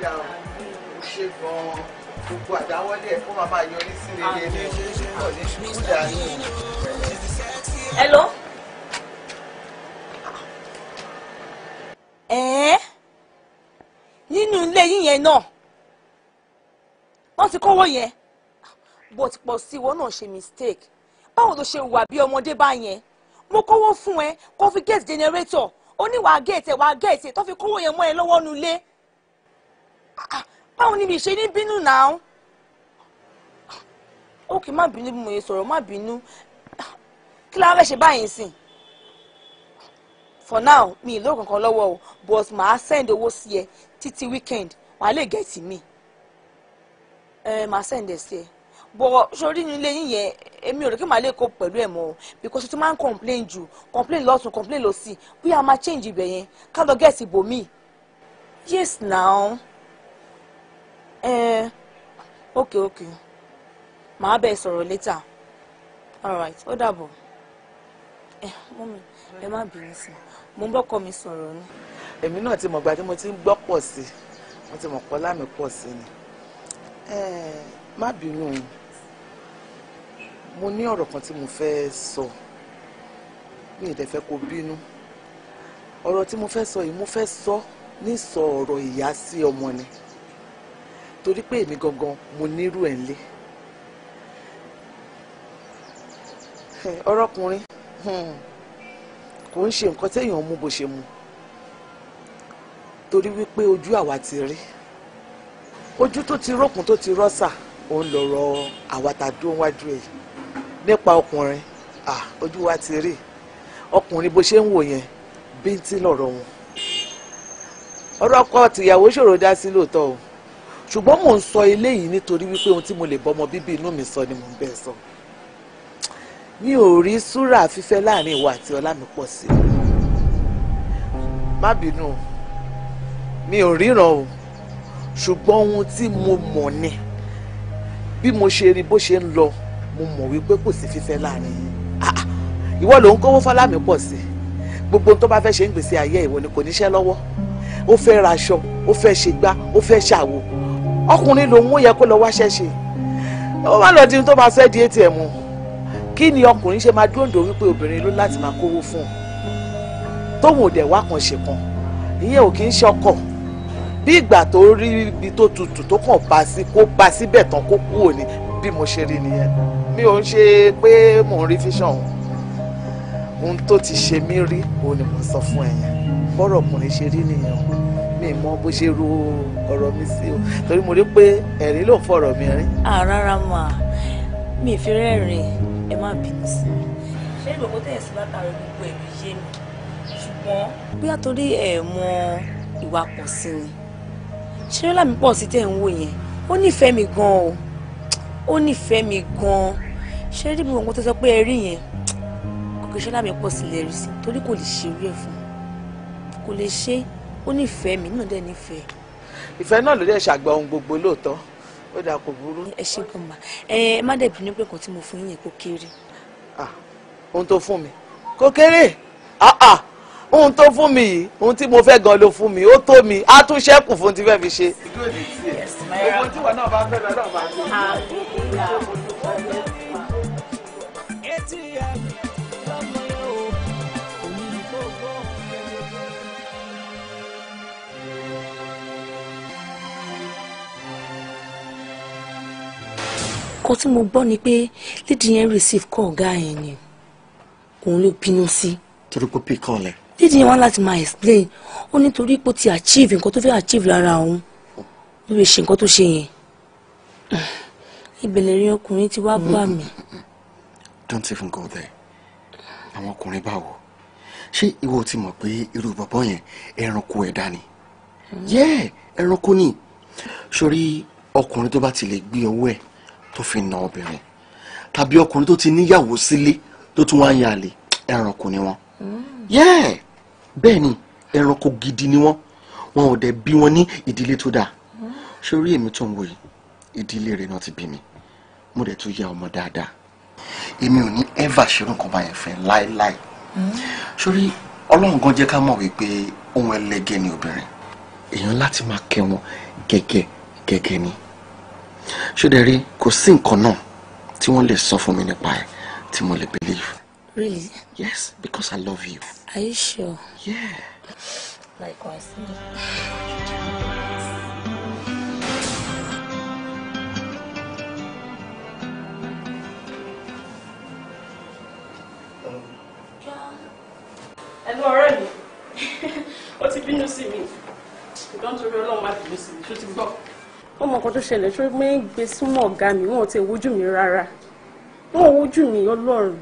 gan-an gbogbo àdáwọ́lé ẹ̀kọ́ máa máa yọrí sí rere ní ọ̀ ní ṣubú dànù. Hello. ẹ̀ẹ́ eh? nínú ilé yíyẹn náà wọ́n ti kọ́wọ́ yẹn bó ti pọ̀ sí ìwọ náà ṣe mistake báwo ló ṣe wà bí ọmọdé bá yẹn mo kọ́wọ́ fún ẹ kó fi generator ó ní wàá géètì wàá géètì tó fi kówó yẹn mọ́ ẹ lọ́wọ́ nulẹ̀ báwo ni mi ṣe ní bínú náà ókè má bínú mo yẹ sọ̀rọ̀ má bínú kí láwọn fẹ́ ṣe báyìí sìn for now mi ì lóò kankan lọ́wọ́ o but màá send owó sí ẹ títí weekend wàá lè gẹ̀ẹ́tì mi ẹ màá send ẹ sí ẹ bọ̀ sórí ní ilé yín yẹn èmi ò rò kí màá lè kó pẹ̀lú ẹ̀ mọ́ o because o ti máa ń complain jù complain lọ́tún complain lọ́sì bóyá a máa change ibẹ̀ yẹn ká lọ gẹ̀ẹ́sì bòmíì yes now eh, ok ok màá bẹ̀ sọ̀rọ̀ later alright ó dàbọ̀ ẹ eh, mọ́mi ẹ má bínú sí mo ń bọ́kọ mi sọ̀rọ̀ ni. èmi náà ti mọ̀ gbàdé mo ti ń gbọ́ pọ̀ sí i mo ti mọ̀ pọ̀ lámì pọ̀ sí i ni eh, má bínú o mo ní ọ̀rọ̀ kan tí mo fẹ́ sọ mi ì dẹ̀ fẹ́ kó bínú ọ̀rọ̀ tí mo fẹ́ sọ yìí mo fẹ́ sọ ní sọ ọ̀rọ̀ ìyá sí ọmọ ni torí pé èmi gangan mo nírú ẹ̀ ńlẹ̀ ọ̀rọ̀kùnrin hmm, kò ń ṣe nǹkan téèyàn mú bó ṣe mu torí wípé ojú àwa ti rí ojú tó ti rókun tó ti rọ́sà òun lọ̀rọ̀ àwa dúró wájú ẹ̀ yìí nípa ọkùnrin ojú wa ti rí ọkùnrin bó ṣe ń wò yẹn bíntín lọ̀rọ̀ wọn ọ̀rọ̀ ọkọ tìyàwó ṣòro dá sí lóòótọ́ o ṣùgbọ́n mò ń sọ eléyìí nítorí wípé ohun tí mo lè bọ́mọ bíbí inú mi sọ ni mò ń bẹ́ẹ̀ sọ mi ò rí súrà fífẹ́ láàrin ìwà àti Ọlámipọ̀ sí i má bínú o mi ò ríran o ṣùgbọ́n ohun tí mo mọ̀ ni bí mo ṣe rí bó ṣe ń lọ mo mọ̀ wípé kò sí fífẹ́ láàrin yín ah, ah, ìwọ ló ń kówó fọlámì pọ̀ sí gbogbo tó bá fẹ́ ṣe ń gbèsè ayé ìwọ ni kò níṣẹ́ lọ́wọ́ ó fẹ́ raṣọ ó fẹ́ ṣègbà ó fẹ́ ṣàwo ọkùnrin lòun ó yẹ kó lọ wáṣẹ́ ṣe ó má lọ di tó bá fẹ́ di atm o kí ni ọkùnrin ṣe máa dúndò wípé obìnrin ló láti máa kówó fún un tóun ò dẹ̀ wá kan ṣe kan ìyẹn ò kì í ṣe ọkọ bí ìgbà tó rí ibi tó tutù tó kàn pa sí kó pa síbẹ̀ tán kó kú òní bí mo ṣe rí nìyẹn mi ò ń ṣe pé mò ń rí fíṣàn òun ohun tó ti ṣe mí rí òun ni mo sọ fún ẹ̀yìn bọ́rọ̀ ọkùnrin ṣe rí nìyẹn o mi mọ bó ṣe ro ọ̀rọ̀ mi sí o torí mo rí pé ẹ̀rín ló ń fọ̀rọ̀ mi rín. rárá mà mi ì fi rẹ́rìn ẹ má bínú sí mi. ṣé ìgbàgbọ́ tẹ̀yẹ̀ sí látàrí gbogbo ẹ̀mí yé mi ṣùgbọ́n. bóyá torí ẹ̀ mọ ìwà pọ̀ sí ni ṣé lámì pọ̀ sí tẹ̀ ń wò yẹn ó nífẹ̀ẹ́ mi gan-an o ó nífẹ̀ẹ́ mi gan-an ṣé rí gbogbo nǹkan tó sọ pé ẹ rí yẹn kò kí ṣọlá mi pọ̀ sílẹ̀ rí sí torí kò lè ṣe irú ẹ̀ fún kò lè ṣe ó nífẹ̀ẹ́ mi náà dẹ̀ nífẹ̀ẹ́. ìfẹ́ náà ló dẹ̀ ṣàgbà ohun gbogbo lóòótọ́ ó dà kò burú. ẹ ṣe gan ma ẹ má dẹ̀ bínú pé nǹkan tí mo fún yín yẹn kó kéré. Ah, ohun tó fún mi kó kéré ah, ah ohun tó fún mi yìí ohun tí mo fẹ́ gan ló fún mi ó tó mi á tún ṣẹ́kù fún ti fẹ́ fi ṣe. kó tí mo gbọ́ ni pé lídìí yẹn receive call ọ̀gá yẹn ni òun ló bínú sí. torí pé pí kọ́ ọ̀lẹ́ dídì wọn láti máa explain ó nítorí pé ó ti achieve nǹkan tó fẹ́ achieve lára òun ló lè ṣe nǹkan tó ṣe yẹn ìbẹ̀lẹ̀ rí ọkùnrin ti wá bá mi. don't even go there àwọn ọkùnrin báwo ṣé ìwọ ti mọ̀ pé irú bọ̀bọ̀ yẹn ẹranko ẹ̀dá ni yẹ́ ẹranko ni sórí ọkùnrin tó bá ti lè gbé ọwọ́ ẹ̀ tó fi na obìnrin tàbí ọkùnrin tó ti níyàwó sílé tó tún wá ń yan àlè ẹranko ni wọn mm. yẹ́ bẹ́ẹ̀ ni ẹranko gidi ni wọ́n wọn ò dẹ̀ bí wọn ní ìdílé tó dáa sórí èmi tó ń wò yìí ìdílé rẹ̀ náà ti bí mi mo dẹ̀ tún yá ọmọ dáadáa èmi ò ní ever ṣerú nǹkan báyẹn fẹ́ láéláé sórí ọlọ́run gan jẹ́ ká mọ̀ wípé ohun ẹlẹ́gẹ́ ni obìnrin èèyàn láti máa kẹ́ wọn gẹ́gẹ́ gẹ́gẹ́ ni ṣódẹ̀ rí kò sí nǹkan náà tí wọ́n lè sọ fún mi nípa ẹ̀ tí mo lè believe. Really? Yes, because I love you. Are you sure? Yeah. Likewise. Ẹnu ọ̀rẹ́ mi, ó ti bínú sí mi. Ìgbọ́n torí Ọlọ́run má bínú sí mi, ṣó ti gbọ́. Ó mọ nǹkan tó ṣẹlẹ̀ ṣó pé ń gbé súnmọ́ ọ̀gá mi, wọn ò tẹ̀ wojú mi rárá. Wọn ò wojú mi Ọlọ́run.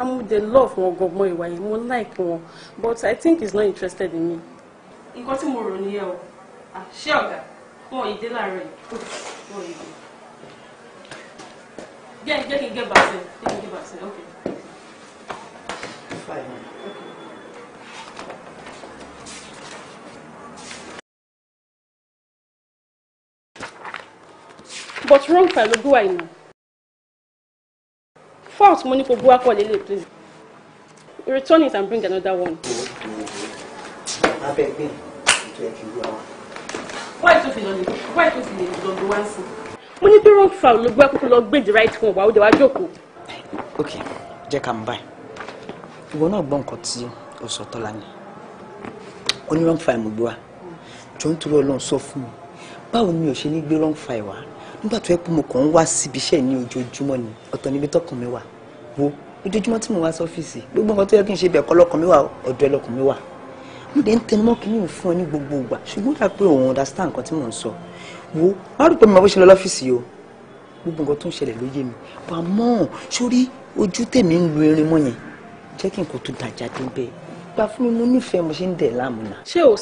I'm the love wọn gbọgbọn ìwà yẹn like wọn but I think he's not interested in me. nǹkan tí mo rò nìyẹn o ah, ṣé ọ̀gá wọn ò dé láàárọ̀ yìí wọn Get, get jẹ́ jẹ́ kí n get bàtí jẹ́ kí n gé bàtí ok. Fine. but wrong pẹ̀lú gbúwa ìnà fault money for kò búwa kọ́ lélẹ̀ please return it and bring another one. abẹ́gbẹ́ ètò ẹ̀kí wúwa wa. wọ́n ètò ìlọ ni wọ́n ètò ìlọ ni lọ́dún wá sí. wrong fowl ló gbé kókó bring the right one wà ó dé wá jókòó. ok jẹ́ ká mú báyìí ìwọ náà gbọ́ nǹkan tí o sọ tọ́lá ni wrong fowl mo gbé wa jọ ń torí ọlọ́run sọ fún mi báwo ni o ṣe wrong fowl wá nígbà tó yẹ pé mo kàn ń wá síbi iṣẹ́ ní ojoojúmọ́ ni ọ̀tọ̀ níbi tọkàn mi wà wo ojoojúmọ́ tí mo wá sọ́fíìsì gbogbo nǹkan tó yẹ kí n ṣe bẹ̀ kọ́ lọ́kàn mi wà ọ̀dọ̀ ẹ lọ́kàn mi wà mo dẹ̀ ń tẹnumọ́ kí n fún ọ ní gbogbo ìgbà ṣùgbọ́n dà pé òun understand nǹkan tí mò ń sọ wo má rò pé mo máa bó ṣe lọ lọ́fíìsì o gbogbo nǹkan tó ń ṣẹlẹ̀ ló mi pàmò sórí ojú tèmi ń lu irin mọ́ yẹn jẹ́ kí n kò tún dàjà dé bẹ́ẹ̀ gbà fún mi mo nífẹ̀ẹ́ mo ṣe ń dẹ̀ láàmú ṣé ò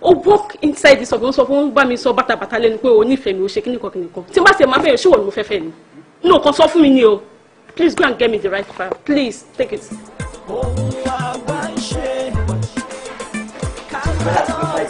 ó walk inside this office ó sọ fún bá mi sọ bàtàbàtà lẹ́nu pé o nífẹ̀ẹ́ mi o ṣe kíní kan kíní kan tí n bá ṣe máa fẹ́ yẹn ṣé wọ́n ni mo fẹ́ fẹ́ ni inú kan sọ fún mi ni o please go and get me the right file please take it. ohun àgbà ń ṣe ká lọ́ọ́.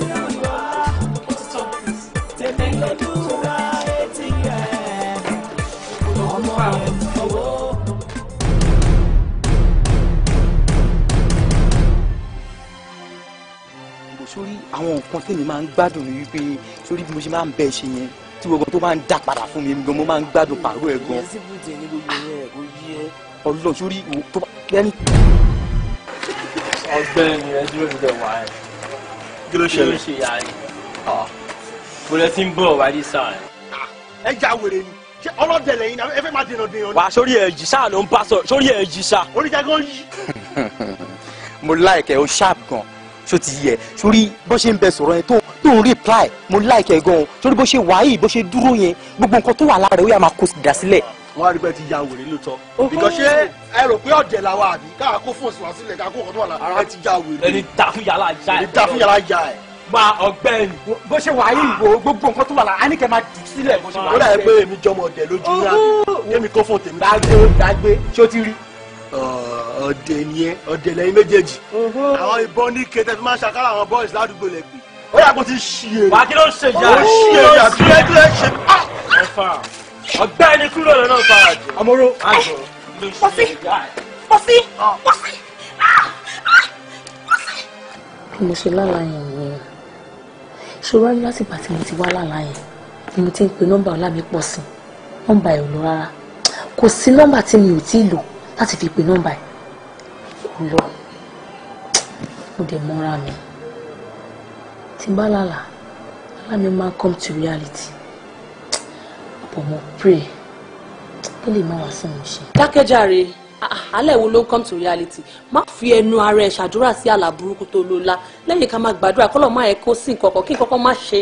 àwọn nǹkan tèmi máa ń gbádùn ní wípé sórí bí mo ṣe máa ń bẹ ṣe yẹn tí gbogbo tó máa ń dá padà fún mi gan mo máa ń gbádùn pàrọ̀ ẹ̀ gan. ọlọ́run sórí tó bá bẹ́ẹ̀ ni. ọ̀gbẹ́ni ẹ dúró ní ìdẹwà ẹ kí ló ṣẹlẹ̀ kí ló ṣe yà ẹ ah. mo lẹ ti ń bọ̀ wáyé sáà. Ah. ẹ jà wèrè ni ọlọ́dẹ lẹ́yìn náà ẹ fẹ́ máa dènà dènà. wà á sórí ẹ̀jì sáà ló ń bá sọ sórí ẹ̀jì sáà. oríjà gan yí. mo láìkẹ́ o ṣáàpù gan ṣó ti yẹ sórí bó ṣe ń bẹ sọ̀rọ̀ yẹn tó tó ń reply mo like ẹ gan-an sórí bó ṣe wà yìí bó ṣe dúró yẹn gbogbo nǹkan tó wà lára rẹ̀ ó yà máa kó dà sílẹ̀. wọn á ti ya wèrè lóòótọ́ because ṣé ẹ rò pé ọ̀dẹ̀ la wa àbí káà kó fóònù wá sílẹ̀ káà kó nǹkan tó wà lára rẹ̀ ti ya wèrè. ẹni ta fún yàrá ya ẹ ẹni ta fún yàrá ya ẹ. máa ọgbẹ́ni. bó ṣe wà yìí wo gbogbo nǹkan tó wà lára àníkẹ́ máa jù sílẹ̀ bó ṣe wà. ó dà ọdẹ ni ẹ ọdẹ lẹ́yìn méjèèjì àwọn ìbọn ní kété fi máa ń ṣàkárà àwọn boys ládùúgbò lẹbi ó yà kó ti ṣí èrè wà á kí ló ń ṣe ìjà ó ṣí èrè àti ẹ kí ló ń ṣe mí. Ah! ọ̀gbẹ́ni kúrò lọ náà fara jù. amoro pọ̀sí pọ̀sí pọ̀sí bí mo ṣe lálàyé yẹn ṣòro ayé látìgbà tí mo ti wá lálàyé ni mo ti ń pe nọ́mbà ọlámi pọ̀ sí nọ́mbà ẹ̀ ò lọ rárá kò sí nọ́mbà tí mi ò tí ì lò láti fi pe nọ́mbà yìí kò lọ mo dẹ̀ mọ́ra mi tí n bá lálà lálà máa come to reality but mo pray kí lè má wá sí mi ṣe. dákẹ́jàre ah, ah, alẹ́ wo ló ń come to reality má fi ẹnu ara ẹ̀ ṣàdúrà sí àlá burúkú tó ló la lẹ́yìn ká máa gbàdúrà kọ́lọ̀ má ẹ̀ kó sí nǹkan kí nǹkan má ṣe.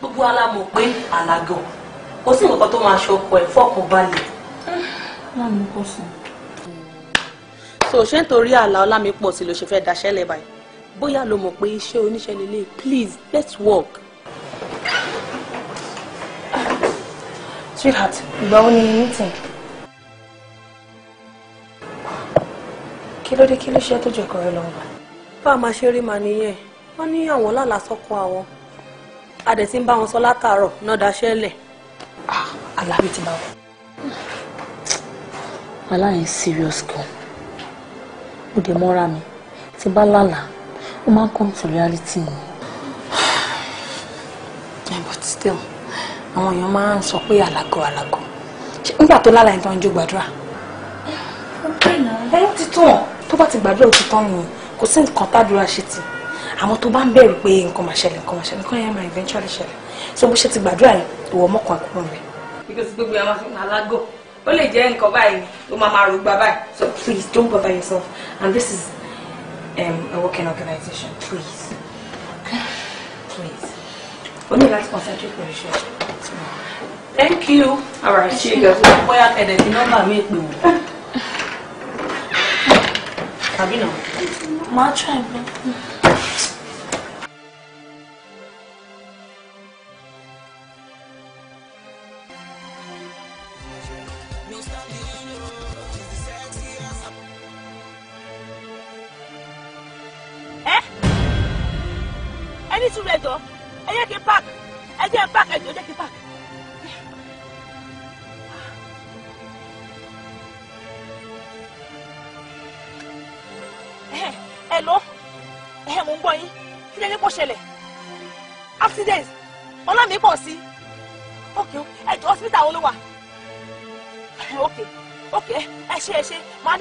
gbogbo alámọ̀ pé àlá gan kò sí nǹkan tó máa ṣọkọ ẹ̀ fọkàn balẹ̀. Ah, má kò sùn so ṣé nítorí àlà ọlámipọ̀ sí ló ṣe fẹ́ daṣẹ́ lẹ̀ báyìí bóyá lo mọ̀ pé iṣẹ́ oníṣẹ́ lélẹ̀ please let's work. sweetheart ìgbà wo ni meeting. kí ló dé kí ló ṣe tó jẹ́ kọrẹ lọ́wọ́ bá. bá a máa ṣe rí màá nìyẹn wọ́n ní àwọn lálàá sọ́kọ àwọn a dẹ̀ ti ń bá wọn sọ látàárọ̀ náà daṣẹ́ lẹ̀. Ah, alábi ti bá wọn. aláyẹn serious gan mo dẹ̀ mọ́ra mi tí bá lálà ó máa ń come to reality mi. but still àwọn èèyàn máa ń sọ pé àlàgò àlàgò nígbà tó lálàá yẹn tó ń jó gbàdúrà. ẹ ti tàn tó bá ti gbàdúrà ó ti tán nìyẹn kò sí nǹkan tádúrà ṣe tì àwọn tó bá ń bẹ̀rù pé nǹkan máa ṣẹlẹ̀ nǹkan máa ṣẹlẹ̀ nǹkan yẹn máa eventually ṣẹlẹ̀ so bó ṣe ti gbàdúrà yẹn ìwọ ọmọkùnrin kúrò rẹ̀. because gbogbo àwọn alágò ó lè jẹ́ nǹkan báyìí ó máa máa rògbà báyìí so please don't bother yourself and this is um, a working organization please please ó ní láti concentrate for iṣẹ́ thank you all right ṣe gẹ̀ fún bóyá ẹ̀dẹ̀ tí nọ́mbà mi pè wò tàbí náà máa try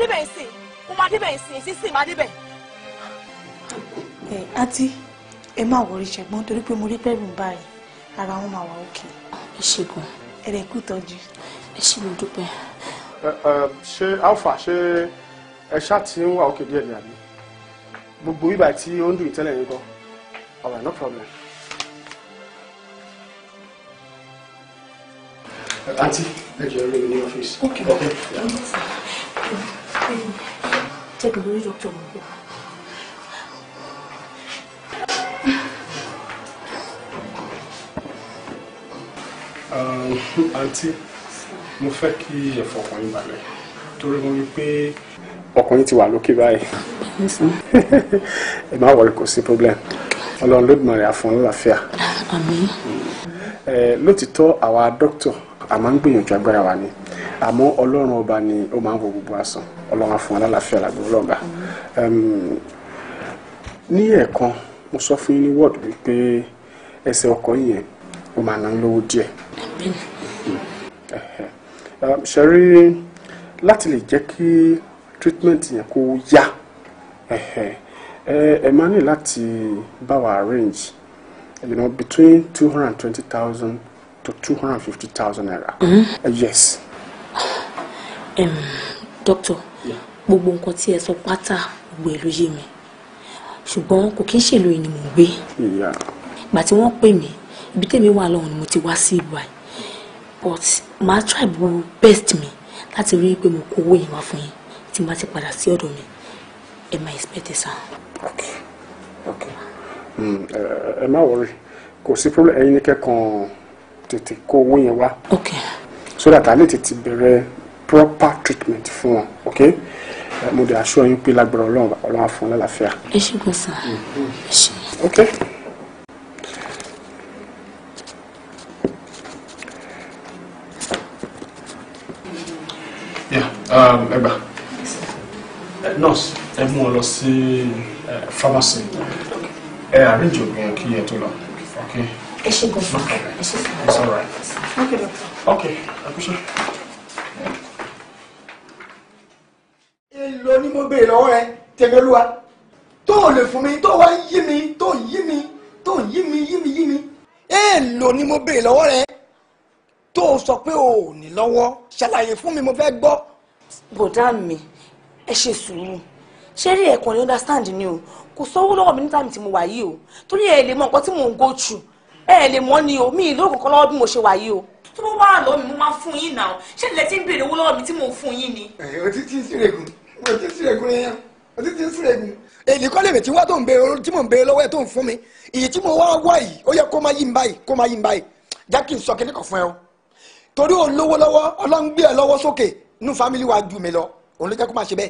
débẹ̀ nsìn mo máa débẹ̀ nsìn sísìn máa débẹ̀. ẹ àǹtí ẹ má wọrí ṣẹ̀gbọ́n torí pé mo rí pẹ́ẹ́rù ń báyìí ara wọn máa wà òkè. ẹ ṣègùn ẹ̀rẹ̀ kú tọ́jú ẹ ṣe mo dúpẹ́. ṣé alpha ṣé ẹ ṣáà ti ń wà òkè díẹ̀ ní àná gbogbo ibà tí ó ń dùn ìtẹ́lẹ̀ yín kọ́ all right no problem. Auntie, let you alone in the office. Okay. Okay. Yeah jẹ́ kí n lórí dókítà mi gbọ́. àǹtí mo fẹ́ kí ẹ fọkàn yín balẹ̀ torí mo rí i pé ọkàn yín ti wà lókè báyìí ẹ má wọrí kò sí problem ọlọ́run ló rẹ̀ àfọ̀n lótìtọ́ àwa dókítà a máa ń gbìyànjú agbára wa ni àmọ́ ọlọ́run ọba ni ó máa ń wo gbogbo àsàn ọlọ́run àfọ̀n alálàáfíà làgbọ̀ ní ẹ̀ẹ̀kan mo sọ ní wọ́ọ̀dù wípé ẹsẹ̀ ọkọ yẹn ó máa ná lówó díẹ̀ láti lè jẹ́ kí treatment yẹn kó yá ẹ máa ní láti bá wa arrange to two hundred and fifty thousand naira. Hmm? Uh, yes. Um, doctor gbogbo nǹkan tí ẹ sọ pátá gbogbo ẹ ló yé mi ṣùgbọ́n kò kí ń ṣèlú yìí ni mò ń gbé. ìgbà tí wọ́n pè mí ibi but my tribe will best me. láti rí i pé mo kó owó yẹn wá fún yín tí màá ti padà sí ọ̀dọ̀ mi ẹ máa expect ẹ sàn. ok ok hmm, ẹ má wọrí kò sí problem ẹ̀yin ní kẹ́kọ̀ọ́ tètè kó owó yẹn wá. ok so that a lè tètè bẹ̀rẹ̀ proper treatment fún wọn ok mo dẹ̀ aṣọ yín pé lágbára ọlọ́run ọlọ́run á fún un lálàáfíà. ẹ ṣe gbọ́n sá ok. yeah um, ẹ gbà nurse ẹ mú ọ lọ sí pharmacy ẹ arrange ògùn kí yẹn tó lọ ẹ ṣe gan fún mi ẹ ṣe fún mi. it's all okay doctor. okay akuṣe. èlò ni mo béèrè lọ́wọ́ rẹ tẹ̀mẹ́lúwa tó o lè fún mi tó wá yí mi tó yí mi tó yí mi yí mi yí mi èlò ni mo béèrè lọ́wọ́ rẹ tó o sọ pé o ò ní lọ́wọ́ ṣàlàyé fún mi mo fẹ́ gbọ́. bọ̀dá mi ẹ ṣe sùúrù ṣé rí ẹ̀kọ́ ni understand ni o kò sówó lọ́wọ́ mi ní táìmù tí mo wà yìí o torí ẹ̀ lè mọ nǹkan tí mò ń go through ẹ lè mọ ni o mi lórúkọ kọ́ lọ́wọ́ bí mo ṣe wà yìí o tó bá wà lọ mi mo máa fún yín náà ṣé ilẹ̀ tí ń béèrè owó lọ́wọ́ mi tí mo fún yín ni. ẹ o ti ti ń sírègùn o ti ń sírègùn rẹ yẹn o ti ti ń sírègùn. èyí kọ́ lè tí wá tó ń béèrè tí mò ń béèrè lọ́wọ́ ẹ̀ tó ń fún mi èyí tí mo wá wá yìí ó yẹ kó máa yí n báyìí kó máa yí n báyìí já kí n sọ kíní kan fún ẹ o torí o lówó lọ́wọ́ ọlọ́ngbé ẹ lọ́wọ́ sókè nú fámìlì wa ju mi lọ òun ló jẹ́ kó máa ṣe bẹ́ẹ̀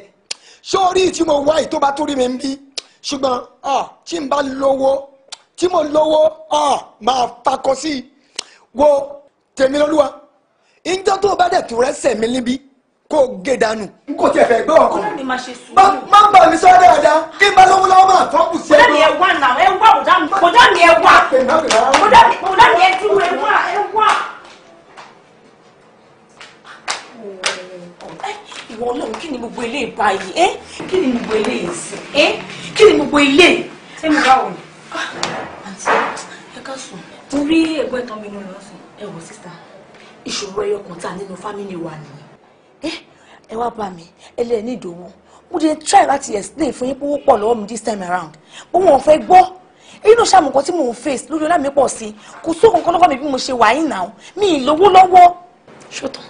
sórí tí mo wá yìí tó bá tó rí mi ń bí ṣùgbọ́n ah, tí n bá lówó tí mo lówó máa fakọ sí i wo tèmi lọ́lúwa ìjọ tó o bá dẹ̀ tù rẹ́ sẹ̀mí níbí kó o gé dànù. n kò tiẹ̀ fẹ́ gbọ́ ọkàn má ń bà mí sọ dáadáa kí n bá lówó lọ́wọ́ máa tọ́ kù sí ẹgbẹ́. kódà ni ẹ wá nà ẹ wá kódà ni kódà ni ẹ wá kódà ni ẹ dúró ẹ wá ìwọ Ọlọ́run kí ni gbogbo eléyìí báyìí kí ni gbogbo eléyìí sí kí ni gbogbo eléyìí. ṣé mo bá wọ̀ ni. Ah, àǹtí ẹ ká sùn mo rí ẹ̀gbọ́n ẹ̀tàn mi lọ́nà sùn ẹ wò sísá ìṣòro ẹyọ kan tà nínú fámìlì wa nìyí. ẹ wá bá mi ẹlẹ́ẹ̀ni ìdòwò mo dey try láti explain fún yín pé owó pọ̀ lọ́wọ́ mi this time around bó wọn fẹ́ gbọ́ èyí ló ṣàmù nǹkan tí mò ń face lórí ọlá mi pọ̀ sí i kò sókun kan lọ́wọ́ mi bí mo ṣe wà yín náà mi ì lówó lọ́wọ́. ṣùtàn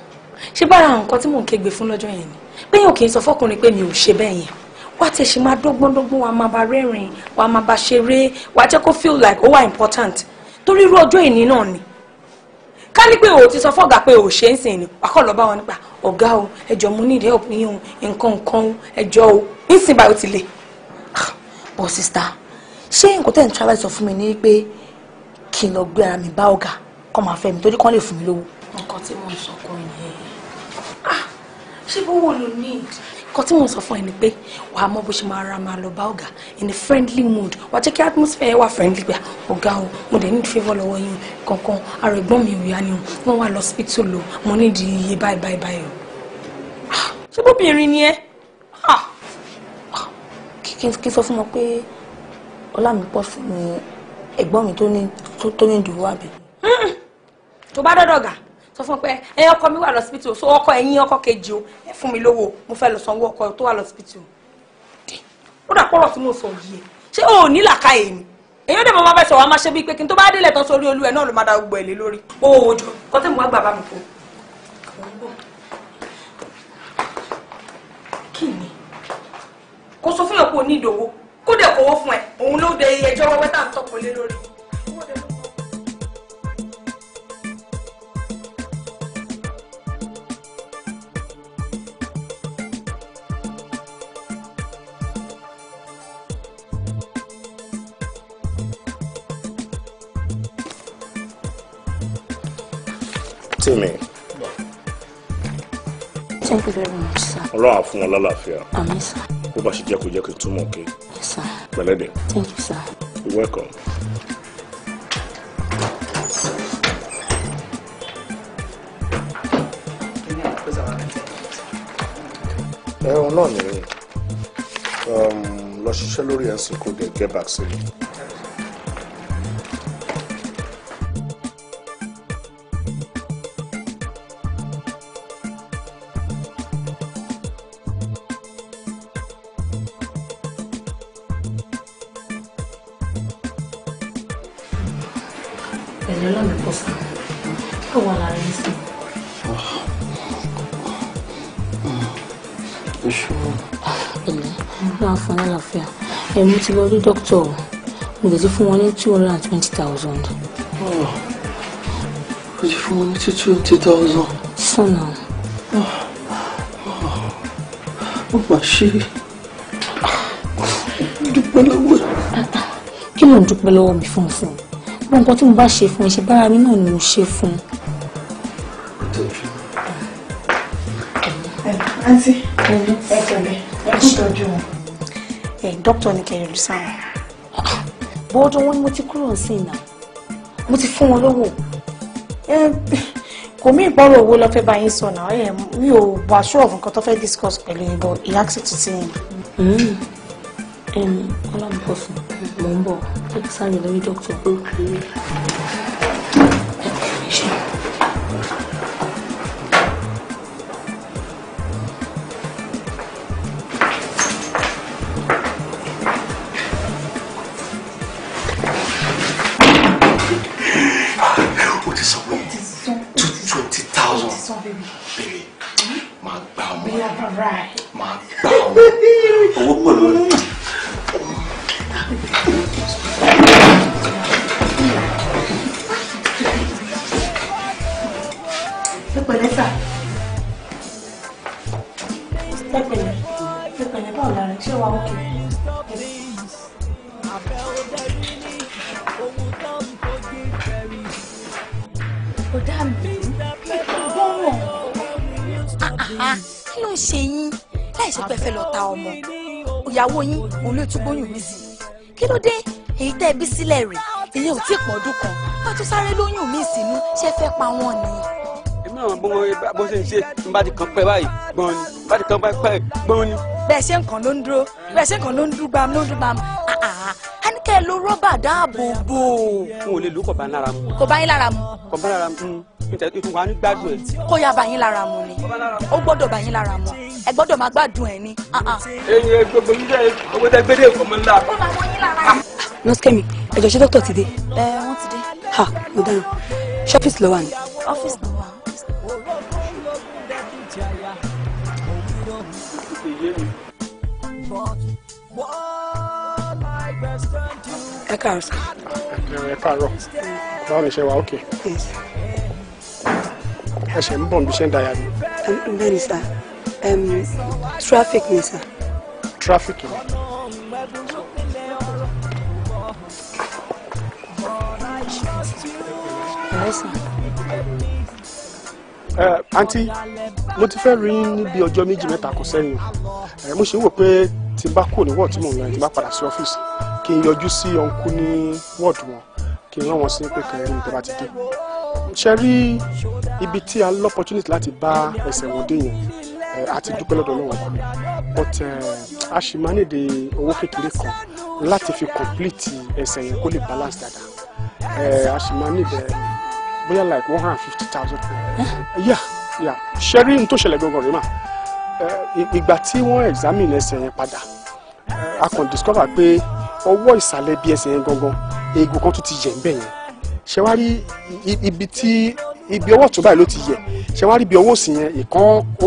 ṣé bára àwọn nǹkan tí mò ń kégbe fún lọ́jọ́ yẹn ni pé ò kì í sọ fọkùnrin pé mi ò ṣe bẹ́ẹ̀ yẹn wá tẹ̀ ṣe máa dọ́gbọ́n dọ́gbọ́n wàá máa bá rẹ́rìn wàá máa bá ṣeré wàá jẹ́ kó feel like oh important torí irú ọjọ́ ìní náà ni ká ní pé o ti sọ fọ́gà pé o ṣe ń sìn ni wàá kọ́ lọ bá wọn nípa ọ̀gá o ẹjọ́ mo ní ìdẹ́wọ̀ pé yín o nǹkan nǹkan o ẹjọ́ o ń sìn báyìí ó ti le. Ah, bọ́ sista ṣé nǹkan tẹ̀ ń travel sọ fún mi ní pé kí n lọ gbé ara mi bá ọ̀gá kọ́ máa fẹ́ mi torí kán lè fún mi lówó. nǹkan tí mò ń sọ kọ́ yẹn ah, ṣé bó wò ló ní nǹkan tí mò ń sọ fún ẹ ni pé wàá mọ bó ṣe máa ra máa lọ bá ọ̀gá in a friendly mood wàá jẹ́ kí atmosphere wà friendly gbà ọ̀gá o mo dẹ̀ need favour lọ́wọ́ yín kankan ara ẹ̀gbọ́n mi ìwé ni wọ́n wà lọ́sípítù lò mo ní di iye báyìí báyìí báyìí o. Ah, ṣé bóbìnrin ni ẹ ah, ah, kí n sọ fún wọn pé ọlámipọ̀ fún mi ẹ̀gbọ́n mi tó ní ìdúró àbí. tó bá dọ́dọ̀ gà sọ fún pé ẹ ọkọ mi wà lọ́sibítù o so ọkọ ẹ̀yìn ọkọ kejì o ẹ fún mi lówó mo fẹ́ lọ sanwó ọkọ tó wà lọ́sibítù ó dà pọ̀rọ̀ tí mo sọ yìí ṣé o ò ní làkàyè mi èyàn dẹ̀ mọ́ máa bẹ̀ sọ̀rọ̀ máa ṣe bíi pé kí n tó bá délẹ̀ tán sórí olú ẹ̀ náà ló máa da gbogbo ẹ̀ lé lórí owó òjò kọ́tẹ́ mo wá gbà bá mi fún un. kí ni kò sọ fún yàn pé o ní ìdòwò kó dẹ̀ kówó fún ẹ òun ló de ẹjọ́ wẹ́wẹ́ tá à ń tọ́pọ̀ ọlọ́run á fún wọn lálàáfíà bó bá ṣe jẹ́ kó jẹ́ kí n túmọ̀ kí pẹ̀lẹ́dẹ̀ you're welcome. ẹ̀rọ náà nìyẹn um, lọ ṣiṣẹ́ lórí ẹ̀sìn kò dé get back sí mi. èmi ti lọ rí dókítà o mo lè ti fún wọn ní two hundred and twenty thousand. ó ah, ti fún wọn ní two twenty thousand. sọ̀nà. ó mà ṣe dúpẹ́ lọ́wọ́ ẹ̀. kí ló ń dúpẹ́ lọ́wọ́ mi fún fún gbogbo nǹkan tí mo bá ṣe fún ẹ bára mi náà ni mo ṣe fún. àǹtí ẹ kẹlẹ ẹ kú tọ́jú wọn dókítà ní kẹrin ìlú sáwọn. bọ́ọ̀dù wọn ni mo ti kúrò sí ìnà mo ti fún wọn lówó kò mí ìbọ̀rọ̀ owó lọ́fẹ́ bá yín sọ náà ẹ̀ mi ò wá sure of nǹkan tó fẹ́ discuss pẹ̀lú yín but he asked to see him. ọlọ́run bọ̀ fún mo ń bọ̀ ó sáré lórí dókítà ó kéré. tí pọ̀dún kan wọ́n tún sáré lóyún mi sínú ṣé fẹ́ pa wọ́n ni. èmi náà bó wọn bó ṣe ń ṣe ń bá ti kàn pẹ́ báyìí gbọ́n ni bá ti kàn pẹ́ gbọ́n ni. bẹ́ẹ̀ ṣe nǹkan ló ń dúró bẹ́ẹ̀ ṣe nǹkan ló ń dúró gbam ló ń dúró gbam a ní kẹ́ ẹ lo rọ́bà dáàbò bò. n ò lè lò kò bá ń lára mu. kò bá yín lára mu. kò bá lára mu ìtùn wa ní gbádùn ẹ. kó ya bàyín lára mu ni ó gbọ́dọ̀ bàyín lára mu ẹ gbọ́dọ̀ máa gbádùn ẹ ni. ẹyin gbogbo yín dẹ owó tẹ gbé dé ńlá. ó máa wọ yín lára. nọ́ọ̀sì kẹ́mi ẹjọ ṣé dókítà ti dé. ẹ wọ́n ti dé. ha mo dáhùn ṣé ọ́fíìsì ló wà ní. ọ́fíìsì ló wà. ẹ káàárọ̀ sá. ẹ káàárọ̀ báwo ni ṣe wà ókè. ẹ ṣe ń bọ̀ níbi ṣe ń dayà ni. bẹ́ẹ̀ ni sá traffic ni sá. traffic ni. àǹtí mo ti fẹ́ rí níbi ọjọ́ méjì mẹ́ta kò sẹ́yìn mo ṣe ń wò pé tí n bá kúrò ní wọ́ọ̀dù tí mò ń lọ tí n padà sí ọ́fíìsì kí n yọjú sí ọ̀nkú ní wọ́ọ̀dù wọn kí n rán wọn sí pé kẹrin ìjọba ti dé ṣe rí ibi tí a lọ opportunity láti bá ẹsẹ̀ wọn dé yẹn àti dúpẹ́ lọ́dọ̀ ọlọ́wọ́ ọba but a ṣì máa níde owó kékeré kan láti fi complete ẹsẹ̀ yẹn kó lè balance dáadáa a ṣì máa níde bóyá like one hundred and fifty thousand naira. yà yà ṣẹ́rí ní tó ṣẹlẹ̀ gbọ̀ngàn rẹ̀ mà ìgbà tí wọ́n examine ẹsẹ̀ yẹn padà a kàn discover pé ọwọ́ ìsàlẹ̀ bí ẹsẹ̀ yẹn gangan eegun kan tún ti yẹ̀ ńbẹ̀ yẹn ṣe wá rí ibi tí ibi ọwọ́ tó báyìí ló ti yẹ̀ ṣe wá rí ibi ọwọ́ òsì yẹn ìkan ó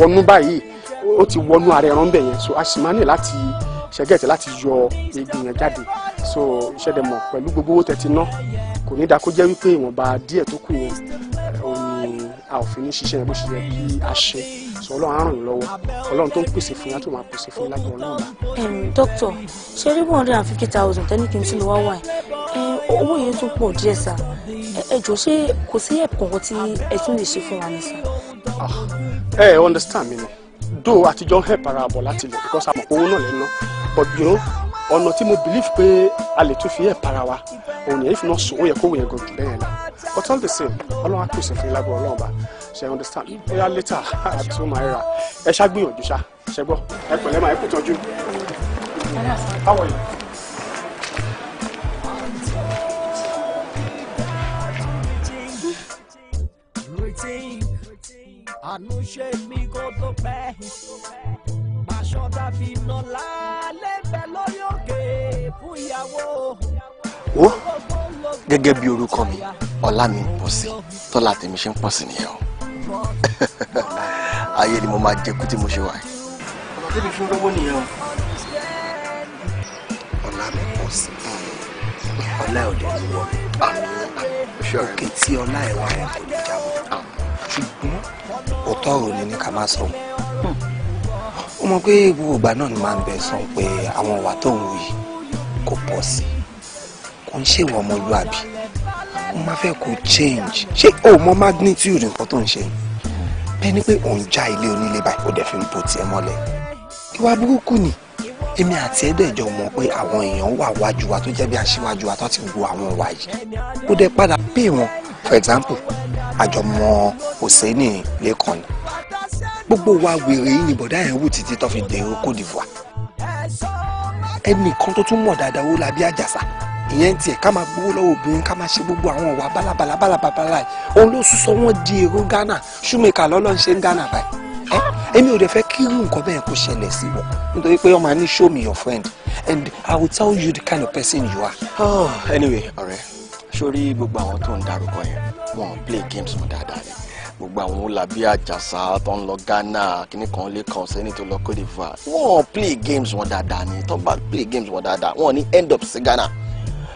wọnú báyìí ó ti wọnú ara ẹran bẹ̀ yẹn so a sì máa ní láti ṣẹ́gẹ̀tì láti yọ eegun yẹn jáde so ṣẹ̀dẹ̀ mọ̀ pẹ̀lú gbogbo owó tẹ̀tí ná kò ní dáa kó jẹ́ wípé ìwọ̀nba díẹ̀ tó kù yẹn òun ni a ò fi ní ṣiṣẹ́ yẹn bó ṣe yẹ kí a ṣe sọ ọlọ́run á lọ́wọ́ ọlọ́run tó ń pèsè fún yín máa pèsè fún yín ọlọ́run bá. dókítà ṣé rí one hundred and fifty thousand tẹ́lẹ̀ kí n ti lọ wá wáyé owó yẹn tún pọ̀ díẹ̀ sá ẹ jọ ṣé kò sí ẹ̀pọ̀ tí ẹ tún lè ṣe fún wa ní ah, ẹ understand mi nù dóò àtijọ́ help ara àbọ̀ láti lè because àmọ̀ owó náà lẹ́nu but you know ọ̀nà tí mo believe pé a lè tún fi ẹ̀ para wa òun yẹn ìfúnná sùn ó yẹ kó wòye gòkè bẹ́ẹ̀ la but all the same ọlọ́run á pèsè fún ilágbó ọlọ́run bá ṣe understand bóyá later àti ó máa ra ẹ ṣá gbìyànjú ṣá ṣe gbọ́ ẹ pẹ̀lẹ́ máa ẹ kú tọ́jú ànúṣe mi kò tó pẹ́ aṣọ tàbí iná lálẹ́ bẹ́ẹ̀ lórí wo gẹ́gẹ́ bí orúkọ mi ọlá mi ń pọ̀ sí tọ́lá tèmi ṣe ń pọ̀ sí nìyẹn o ayé ni mo máa jẹ kú tí mo ṣe wà yìí. tẹ́bi fún gbogbo nìyẹn o. ọlá mi pọ̀ sí ọlá ẹ̀ ọ̀dẹ̀ ni wọ́n òkè tí ọlá ẹ̀ wà ẹ̀ kò ní jábọ̀ ah, òótọ́ ọ̀rọ̀ ni ká má sọ hmm. ó mọ pé gbogbo ìgbà náà ni máa ń bẹ sọ pé àwọn ìwà tó ń wù yìí kó pọ̀ sí kò ń ṣèwọ ọmọlúàbí mo máa fẹ́ kó change ṣé o mọ magnitude nǹkan tó ń ṣe bẹ́ẹ̀ ni pé òun já ilé onílé báyìí ó dẹ̀ fi ń bo tiẹ̀ mọ́lẹ̀ ìwà burúkú ni èmi àti ẹ̀dẹ̀jọ mọ̀ pé àwọn èèyàn wà wájú wa tó jẹ́ bí aṣíwájú wa tó ti wo àwọn ìwà yìí kó dẹ̀ padà pè wọ́n for example àjọmọ Hosseini lẹ́kàn gbogbo wa wèrè yìí ni bọ̀dá yẹn wù títí tó fi dèrò Côte d'Ivoire ẹnìkan tó tún mọ̀ dáadáa ó la bí àjàsà ìyẹn tiẹ̀ ká máa gbowó lọ́wọ́ obìnrin ká máa ṣe gbogbo àwọn ọ̀wà bálabàlà bálabàlà òun ló sọ wọ́n di èrò Ghana ṣùmẹ̀kà lọ́lọ́ ń ṣe ń Ghana báyìí ẹ èmi ò dẹ̀ fẹ́ kí irú nǹkan bẹ́ẹ̀ kó ṣẹlẹ̀ sí wọn nítorí pé ọmọ àní show me your friend and I will tell you the kind of person you are. Oh, anyway ọ̀rẹ́ sórí gbogbo àwọn tó ń darúkọ yẹn wọn play games wọn dáadáa ni gbogbo àwọn Wúlàbí Àjàsà tó ń lọ Ghana kíní kan lè kàn sẹ́ni tó lọ Côte d'Ivoire wọ́n play games wọn dáadáa ni tó bá play games wọn dáadáa wọ́n ní end up sí Ghana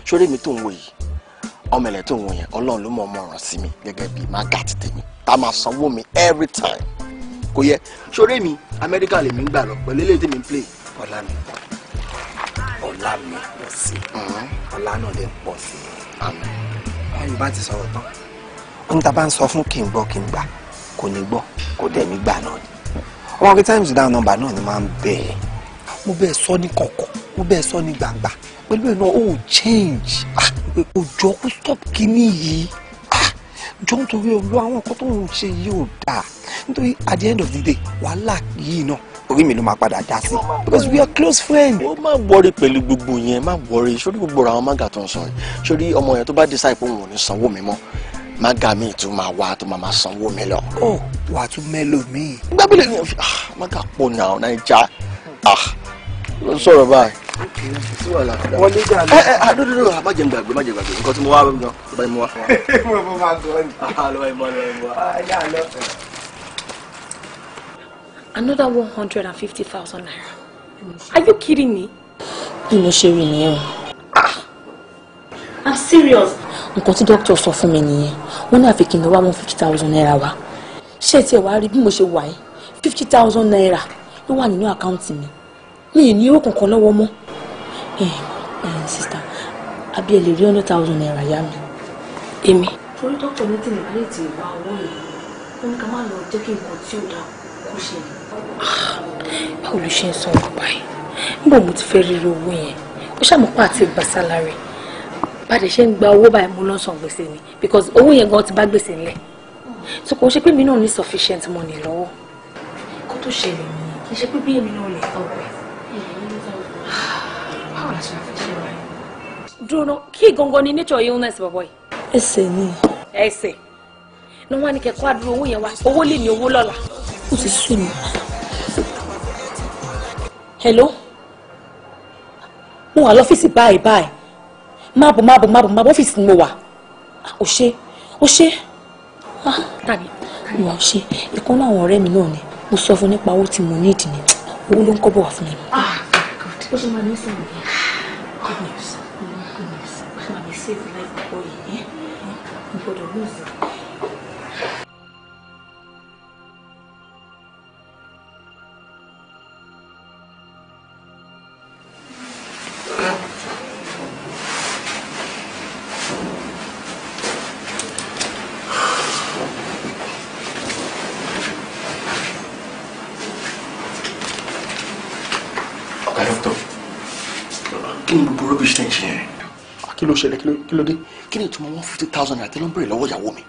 ṣoré mi tó ń wò yìí ọmọlẹ tó ń wò yẹn Ọlọ́run ló mọ ọmọ ràn sí mi gẹ́gẹ́ bíi magat tèmi tá a máa sanwó mi every time kò yẹ ṣoré mi Amẹ́ríkà lèmi ń gbà lọ pẹ̀lú eléyìí tèmi ń play ọ̀la mi ọ̀la mi pọ̀ sí ọ̀la náà lè pọ̀ sí àmín báyìí bá ti sọ̀rọ̀ tán n ta bá ń sọ fún kí n gbọ́ kí n gbà kò ní gbọ́ kò dẹ̀ mí gbà náà ni ọmọ pé times down number náà ni máa ń bẹ̀ ẹ́ mo bẹ́ẹ̀ sọ ní kọ̀kọ̀ mo bẹ́ẹ̀ sọ ní gbangba pẹ̀lú ẹ̀ náà ó change ó ah, jọ kó stop kíní yìí ah, jọ nítorí olú àwọn nǹkan tó ń ṣe yìí ò dáa nítorí at the end of the day wàhálà yìí náà orí mi ló máa padà dá sí because we are close friends. ó má wọrí pẹ̀lú gbogbo yẹn má wọrí sórí gbogbo àwọn mága tó ń sọ yìí sórí ọmọ yẹn tó bá decide pé òun ò ní sanwó mi mọ́ mága mi tún máa wá tó máa sanwó mi lọ. ó wàá tún mélòó mi. gbábílẹ̀ ni mága pò náà naija ah, ló sọ̀rọ̀ báyìí. wọlé jà lọ. ẹ ẹ àdúró àbájẹ gbàgbé má jẹ gbàgbé nǹkan tí mo wá gan ló bá yẹ mo wá fún wa. mo mọ máa gbọ́ ni. àlọ́ ẹ̀ mọ́ lọ ẹ̀ mọ́. Ah, another one hundred and fifty thousand naira. are you kidding me? bí mo ṣe rí nìyẹn o. Ah, i'm serious. nǹkan tí dókítà sọ fún mi nìyẹn wọ́n ní àfi kí one fifty thousand naira wa ṣé ẹ tiẹ̀ wá rí bí mo ṣe wà yìí fifty thousand naira ló wà nínú àkáǹtì mi mi ì ní owó kankan lọ́wọ́ mọ́ ẹ ẹ sista àbí ẹ lè rí hundred thousand naira yá mi èmi. torí dókítà ní tìǹbù bá lè ti wá owó yìí ó ní ká má lọ jẹ́ kí nǹkan tí ò dáa kó ṣe. báwo ló ṣe ń sọ ọ́ báyìí níbo mo ti fẹ́ rí owó yẹn ó ṣàmùpá àti gbàsálà bàdé ṣe ń gba owó báyìí mo lọ san gbèsè ni because owó yẹn gan ti bá gbèsè ńlẹ̀ so kò ń ṣe pé mi náà ní sufficient money lọ́wọ́ kó tó ṣẹlẹ̀ kì í ṣe pé bí èmi náà lè tọ́ pẹ́ báwo la ṣe máa fi ṣe báyìí. dúró kí gangan ni nature illness bọ̀bọ̀ yìí. ẹsẹ̀ ni. ẹsẹ̀ ni wọ́n á ní kẹ́kọ́ àdúró owó yẹn wá owó lè ní owó lọ́la. ó ti sú mi. hello mo wà lọ́fíìsì báyìí báyìí má bọ̀ má bọ̀ má ni mo wà ó ṣe ó ṣe tàbí ìwà ó ṣe ìkan láwọn ọ̀rẹ́ mi náà ni mo sọ fún nípa owó tí mo ní ìdí ni owó ló ń kọ́ bọ̀ wá fún mi. Ah, ó ṣe máa ní sọ̀rọ̀ yẹn. ṣẹlẹ̀ kí ló dé kí ni ìtumọ̀ one fifty thousand naira tí ló ń bèrè lọ́wọ́ ìyàwó mi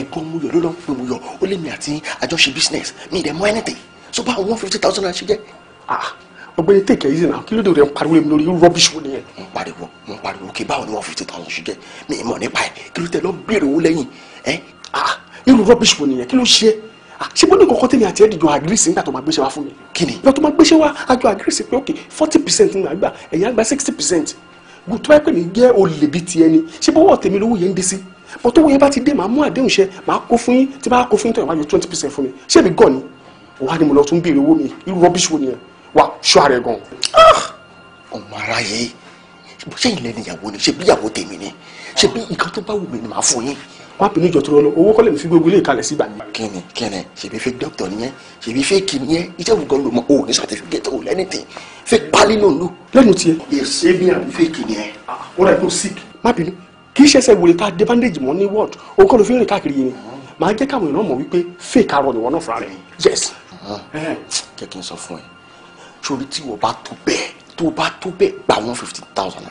ẹ̀gbọ́n mu yọ̀ ló lọ́ pé mu yọ̀ ó lé mi àti àjọṣe business mi ìdẹ̀ mọ́ anything so bá one fifty thousand naira ṣe jẹ́ ah ọ̀gbẹ́ni take easy now kí ló dé rẹ ń pariwo mi lórí rubbish wo nìyẹn. mo ń pariwo mo ń pariwo kí báwo ni one fifty thousand ṣe jẹ mi ìmọ̀ nípa ẹ̀ kí ló tẹ lọ bèrè owó lẹ́yìn ẹ̀ ah irú rubbish wo nìyẹn kí ló ṣe é ah, ṣé bó ní kọ́kọ́ tèmi àti ẹ̀dìjọ àgírísì nígbà tó máa gbéṣẹ́ wá fún mi. kí ni. lọ́tọ́ máa gbéṣẹ́ wá àjọ àgírísì pé ok forty percent ní àgbà ẹ̀yìn àgbà sixty percent gbogbo tó bá pè mí jẹ́ olè bíi ti ẹni ṣé bọ́wọ́ tèmi lówó yẹn ń dé sí bọ́ tó wọ́n yẹn bá ti dé màá mú àdéhùn ṣẹ màá kó fún yín tí bá kó fún yín tó yẹn wá yọ twenty percent fún mi ṣé mi gọ̀ ni wà ni mo lọ tún béèrè owó mi irú rọ́bìṣì wo nìyẹn wà ṣọ́ ara ẹ̀ gan. Ah! ọmọ ara yìí ṣé ìlẹ̀ níyàwó ni ṣé bíyàwó tèmi ni ṣé bí nǹkan tó bá wù mí ni màá fún yín má bínú ìjọ tó rọ lọ owó kọ́lẹ̀ mi fi gbogbo ilé ìkalẹ̀ sí ìgbà mi. kíni kíni ṣèbí fake doctor nìyẹn ṣèbí fake nìyẹn iṣẹ́ ògùn ló mọ o ní certificate o lẹ́nìtì fake pálí ló ń lò. lẹ́nu tiẹ̀. èsè mi àbí fake nìyẹn ó rẹ̀ tó sick. má bínú kì í ṣẹ̀ṣẹ̀ wòlé ká dé bandage mọ́ ní ward òun kọ́ ló fi ń rìn káàkiri yẹn màá jẹ́ káwọn èèyàn mọ̀ wípé fake arọ nìwọ náà fúnra rẹ̀ yes. Ah, eh. jẹ́ kí n sọ fún ẹ sórí tí wọ́n bá tó bẹ́ẹ̀ tó bá tó bẹ́ẹ̀ gba fifty thousand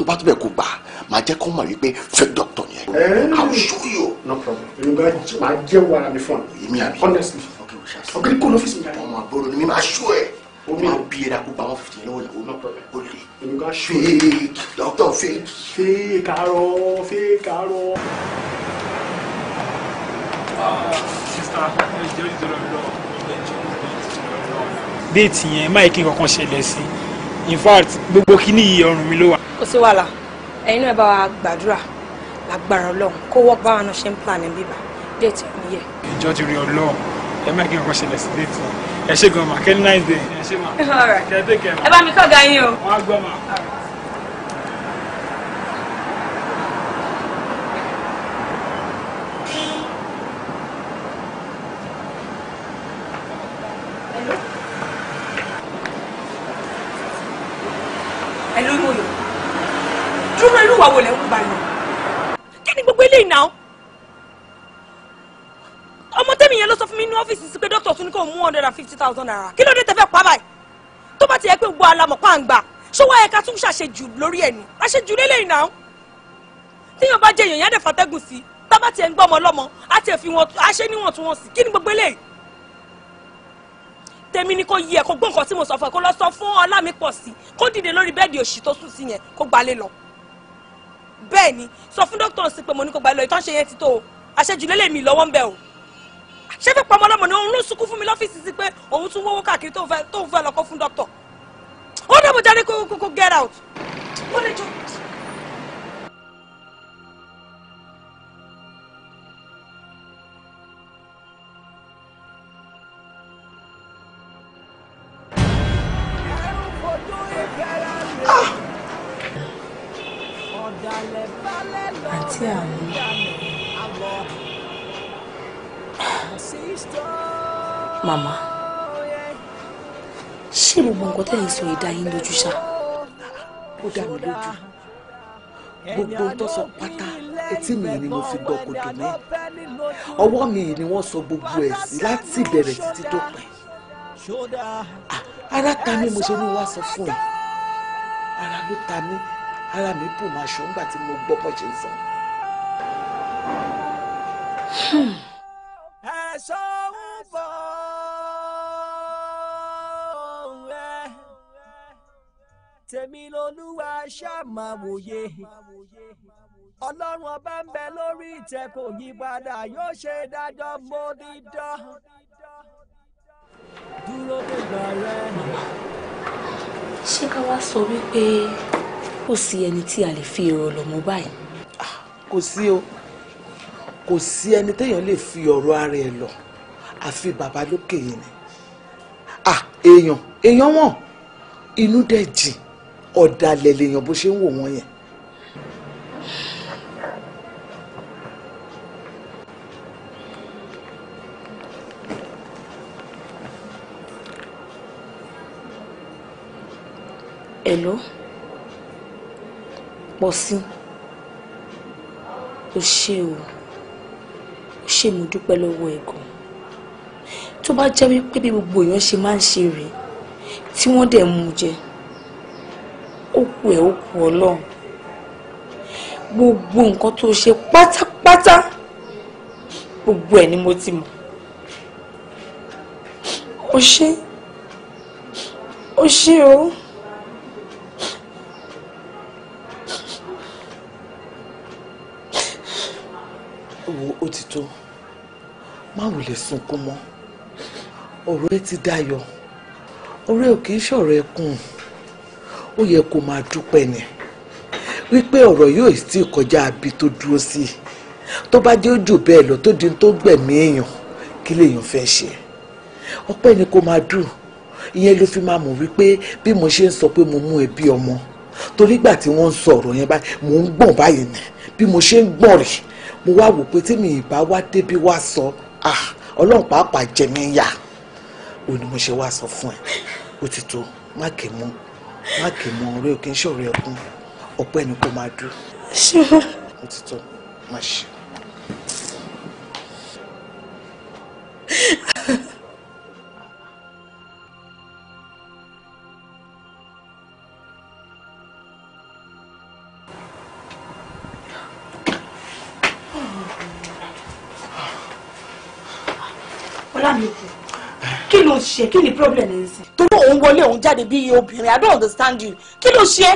tó bá tó bẹ̀ kó gbà máa jẹ́ kó mọ̀ wípé fake doctor yẹn. ẹ ẹ àwọn ṣòwò yóò. no problem yorùbá máa jẹ́ wàrà mi fún ọ. èmi àbí honestly ọ̀gẹ́ni kò lọ́fíìsì mi. ọmọ àbúrò ni mi máa ṣó ẹ o máa bí ẹ̀dá kó bá wọn fìtì yẹn lọ́wọ́ ìyàwó problem. o lè. yorùbá fake doctor fake. fake arọ fake arọ. sista ẹ jẹ́ ìjọba mi lọ ẹ jẹ́ ìjọba mi lọ. déètì yẹn máìkì kankan ṣẹlẹ̀ sí i in fact gbogbo kíní yìí ọrùn mi ló wà. kò sí wàhálà ẹ̀yin náà bá wa gbàdúrà lágbára Ọlọ́run kó wọ báwa náà ṣe ń plan ẹ bíbá déètì ò ní yẹ. ìjọ ti rí Ọlọ́run ẹ má kí n kọ ṣẹlẹ̀ sí déètì ẹ ṣe gan ma kẹ́ni náà ẹ ṣe ma kẹ́ ẹ tẹ́ kẹ́ ma. ẹ bá mi kọ́ ga yín o. wọ́n á gbọ́ ma. ìwà wo lẹ ń gbà yẹn kí ni gbogbo eléyìí náà ọmọ tẹ́mi yẹn ló sọ fún mi ní ọ́fíìsì sí pé dókítà tún ní kò mú one hundred and fifty thousand naira kí ló dé tẹ́ fẹ́ pa báyìí tó bá ti yẹ pé gbogbo alamọ̀ pàǹgbà ṣé wáyé ká tún ṣàṣejù lórí ẹ̀ ni àṣejù lélẹ́yìn náà tíyàn bá jẹ èèyàn yẹn dẹ̀ fàtẹ́gùn sí tábà tiẹ̀ ń gbọ́ ọmọ ọlọ́mọ á tiẹ̀ fi wọn á ṣe níwọ̀ntúnwọ̀nsì kí ni gbogbo eléyìí tèmi ni kò yí ẹ kó gbọ́ nǹkan tí mo sọ fún ẹ kó lọ sọ fún ọlámípọ̀ sí kó dìde lórí bẹ́ẹ̀dì òṣì tó sùn sí yẹn kó gbalé lọ bẹ́ẹ̀ ni sọ fún dókítà sí pé mo ní kó gba lọ ìtọ́ṣe yẹn ti tó o àṣejù lélẹ̀ mi lọ́wọ́ ń bẹ̀ o ṣé fipá ọmọ ọlọ́mọ ni òun ló sunkún fún mi lọ́fíìsì sí pé òun tún wọ́wọ́ káàkiri tó fẹ́ lọ́kọ́ fún dókítà ó dẹ́ mo jáde kó get out ó lè jọ. màmá ṣé gbogbo nǹkan tẹ̀yìn sọ ìdá yín lójú ṣá. ó dá mi lójú gbogbo ń tó sọ pátá etí mi ni mo fi gbọ́ kò dùn mí ọwọ́ mi ni wọ́n sọ gbogbo ẹ̀ sí láti bẹ̀rẹ̀ títí tó pẹ́ ara ta mi mo ṣe ní wá sọ fún ẹ ara ló ta mi ara mi bù máa ṣọ nígbà tí mo gbọ́ bọ́ ṣe ń sọ. Hmm. olúwa ṣàmàwòye ọlọ́run ọba ń bẹ lórí ìtẹ́ kò yí padà yóò ṣe dájọ́ mo dídán dúró dègbà rẹ. ṣé ká wá sọ wípé kò sí ẹni tí a lè fi ọ̀rọ̀ lọ̀ mọ́ báyìí. Ah, kò sí o kò sí ẹni téèyàn lè fi ọ̀rọ̀ ara ẹ̀ lọ àfi bàbá yìí ni ah, èèyàn èèyàn wọn inú dẹ̀ jìn ọ̀dàlẹ̀ lèèyàn bó ṣe ń wò wọ́n yẹn. Hello pọ̀ sí o ṣe o o ṣe mo dúpẹ́ lọ́wọ́ ẹ̀ gan tó bá jẹ́ wípé bí gbogbo èèyàn ṣe máa ń ṣe rèé tí wọ́n dẹ̀ mú jẹ ó kù ẹ́ ó kù ọlọ́run gbogbo nǹkan tó ṣe pátápátá gbogbo ẹ̀ ni mo ti mọ̀ ó ṣe ó ṣe o. wo ó ti tó má wulẹ̀ sunkún mọ́ ọ̀rọ̀ ẹ ti dayọ̀ ọ̀rọ̀ ẹ ò kì í ṣọ̀rọ̀ ẹkún ó yẹ kó máa dúpẹ́ ni wípé ọ̀rọ̀ yóò sì kọjá abi tó dúró sí tó bá jẹ́ ojú bẹ́ẹ̀ lọ tó di tó gbẹ̀mí èèyàn kí lèèyàn fẹ́ ṣe ọpẹ́ ni kó máa dùn ìyẹn ló fi máa mọ̀ wípé bí mo ṣe ń sọ pé mo mú ẹ bí ọmọ torí gbà tí wọ́n ń sọ ọ̀rọ̀ yẹn báyìí mò ń gbọ̀n báyìí ni bí mo ṣe ń gbọ̀n rè mo wá wò pé tí mi ì bá wá débi wá sọ ọlọ́run pàápàá jẹ mí yà ó ní mo ṣe wá sọ fún ẹ ó ti tó má kì í mú má kì í mọ ọ̀rẹ́ òkè ṣọ̀rẹ́ ọdún ọpẹ́ ni kò máa dùn. ṣé o. mo ti tọ́ máa ṣe. Ọlámikù kí ló ṣe kí ni problem ẹ̀ ń sìn. torí òun wọlé òun jáde bí obìnrin i don't understand you kí ló ṣe.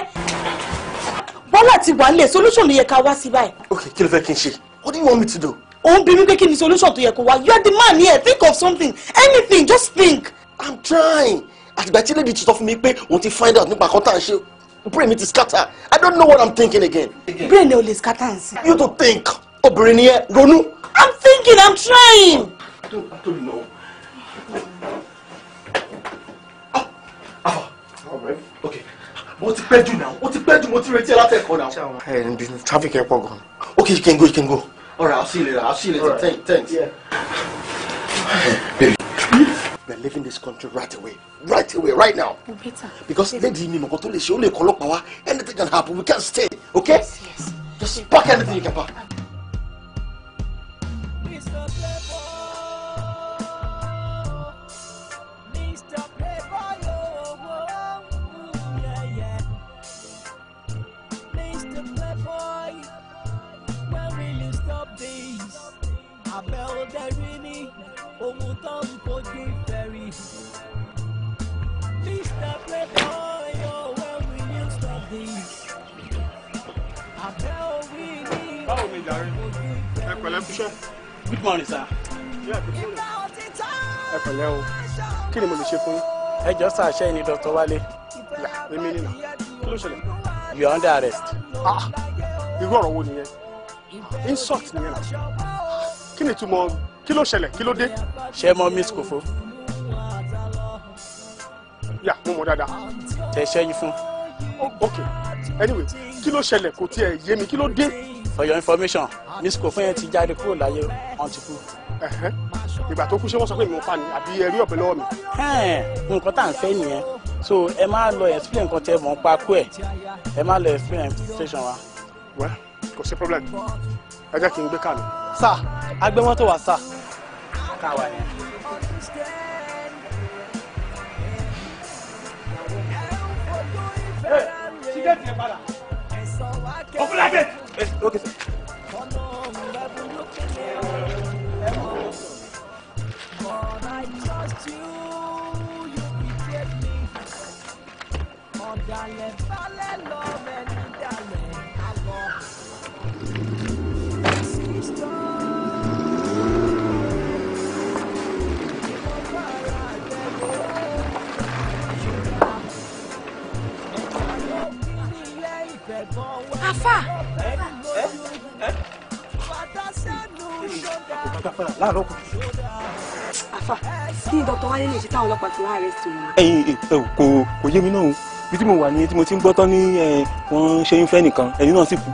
bọ́lá ti wà nílé solution ló yẹ ká wá sí báyìí. ok kí ló fẹ́ kí n ṣe what do you want me to do. òun bí mi pé kí ni solution tó yẹ kó wá you are the man here think of something anything just think. i'm trying àtìgbà tí lady tuntun fún mi pé òun ti find out nípa kọ́ńtà ṣe brain mi ti scatter i don't know what i'm thinking again. brain ẹ ò lè scatter n sí. you don't think obìnrin ni ẹ ronú. i'm thinking i'm trying. i don't i don't know. ọ̀rẹ́ mi. ok mo ti pẹ́ jù náà mo ti pẹ́ jù mo ti retí ẹ látẹ̀kọ́ náà. ẹ ẹ the traffic ẹ pọ̀ gan. ok you can go you can go. alright I'll see you later I'll see you later right. thanks. Yeah. baby we are leaving this country right away right away right now. o better. because lady mi mọ̀kọ́ tó lè ṣe ó lè kọ́ lọ́pàá wa anything can happen we can stay okay. yes yes. just pack anything you can pack. àbẹ̀ òdẹ̀rí ní ohun tó ń kojú ìfẹ̀rí. Mr. Playboy, oh, when will you stop this? àbẹ̀ òwì ní báwo ni ìjà ẹ pẹ̀lẹ́ bíṣẹ́. good morning sir. ẹ pẹ̀lẹ́ o kí ni mo lè ṣe fún yín. ẹ jọ sá àṣẹ ni dr wale. là èmi nìyà kí ló ṣẹlẹ̀. you are under arrest. ah irú ọ̀rọ̀ wo nìyẹn insult nìyẹn náà kí ni ìtumọ̀ kí ló ṣẹlẹ̀ kí ló dé. ṣé mọ miss kòfó. yà mo mọ dáadáa. tẹ ṣẹ́yìn fún. ok anyway kí ló ṣẹlẹ̀ kò tiẹ̀ yé mi kí ló dé. for your information miss kòfó yẹn ti jáde kúrò láyé wọn ti kú. ìgbà tó kú ṣé wọ́n sọ pé mi ò pa ni àbí ẹ rí ọ̀bẹ lọ́wọ́ mi. nǹkan tá à ń fẹ́ nìyẹn so ẹ máa lọ explain nǹkan tẹ mọ̀ ń pa kú ẹ̀ ẹ máa lọ explain station wa. wẹ́ẹ́ kò sí problem ẹ jẹ́ kí n gbé kàmí. sà agbẹ́mọ́tò wà sà. káwa yẹn. tíkẹ́ẹ̀tì yẹn padà. afa. láàárọ̀ kù. afa kí ni dr wálé lè ṣe táwọn ọlọ́pàá ti wá àrẹ́sì wọn. ẹyin kò kò yé mi náà o bí tí mo wà ní tí mo ti ń gbọ́ tán ní wọ́n ṣe ń fẹ́ nìkan ẹni náà sì kú.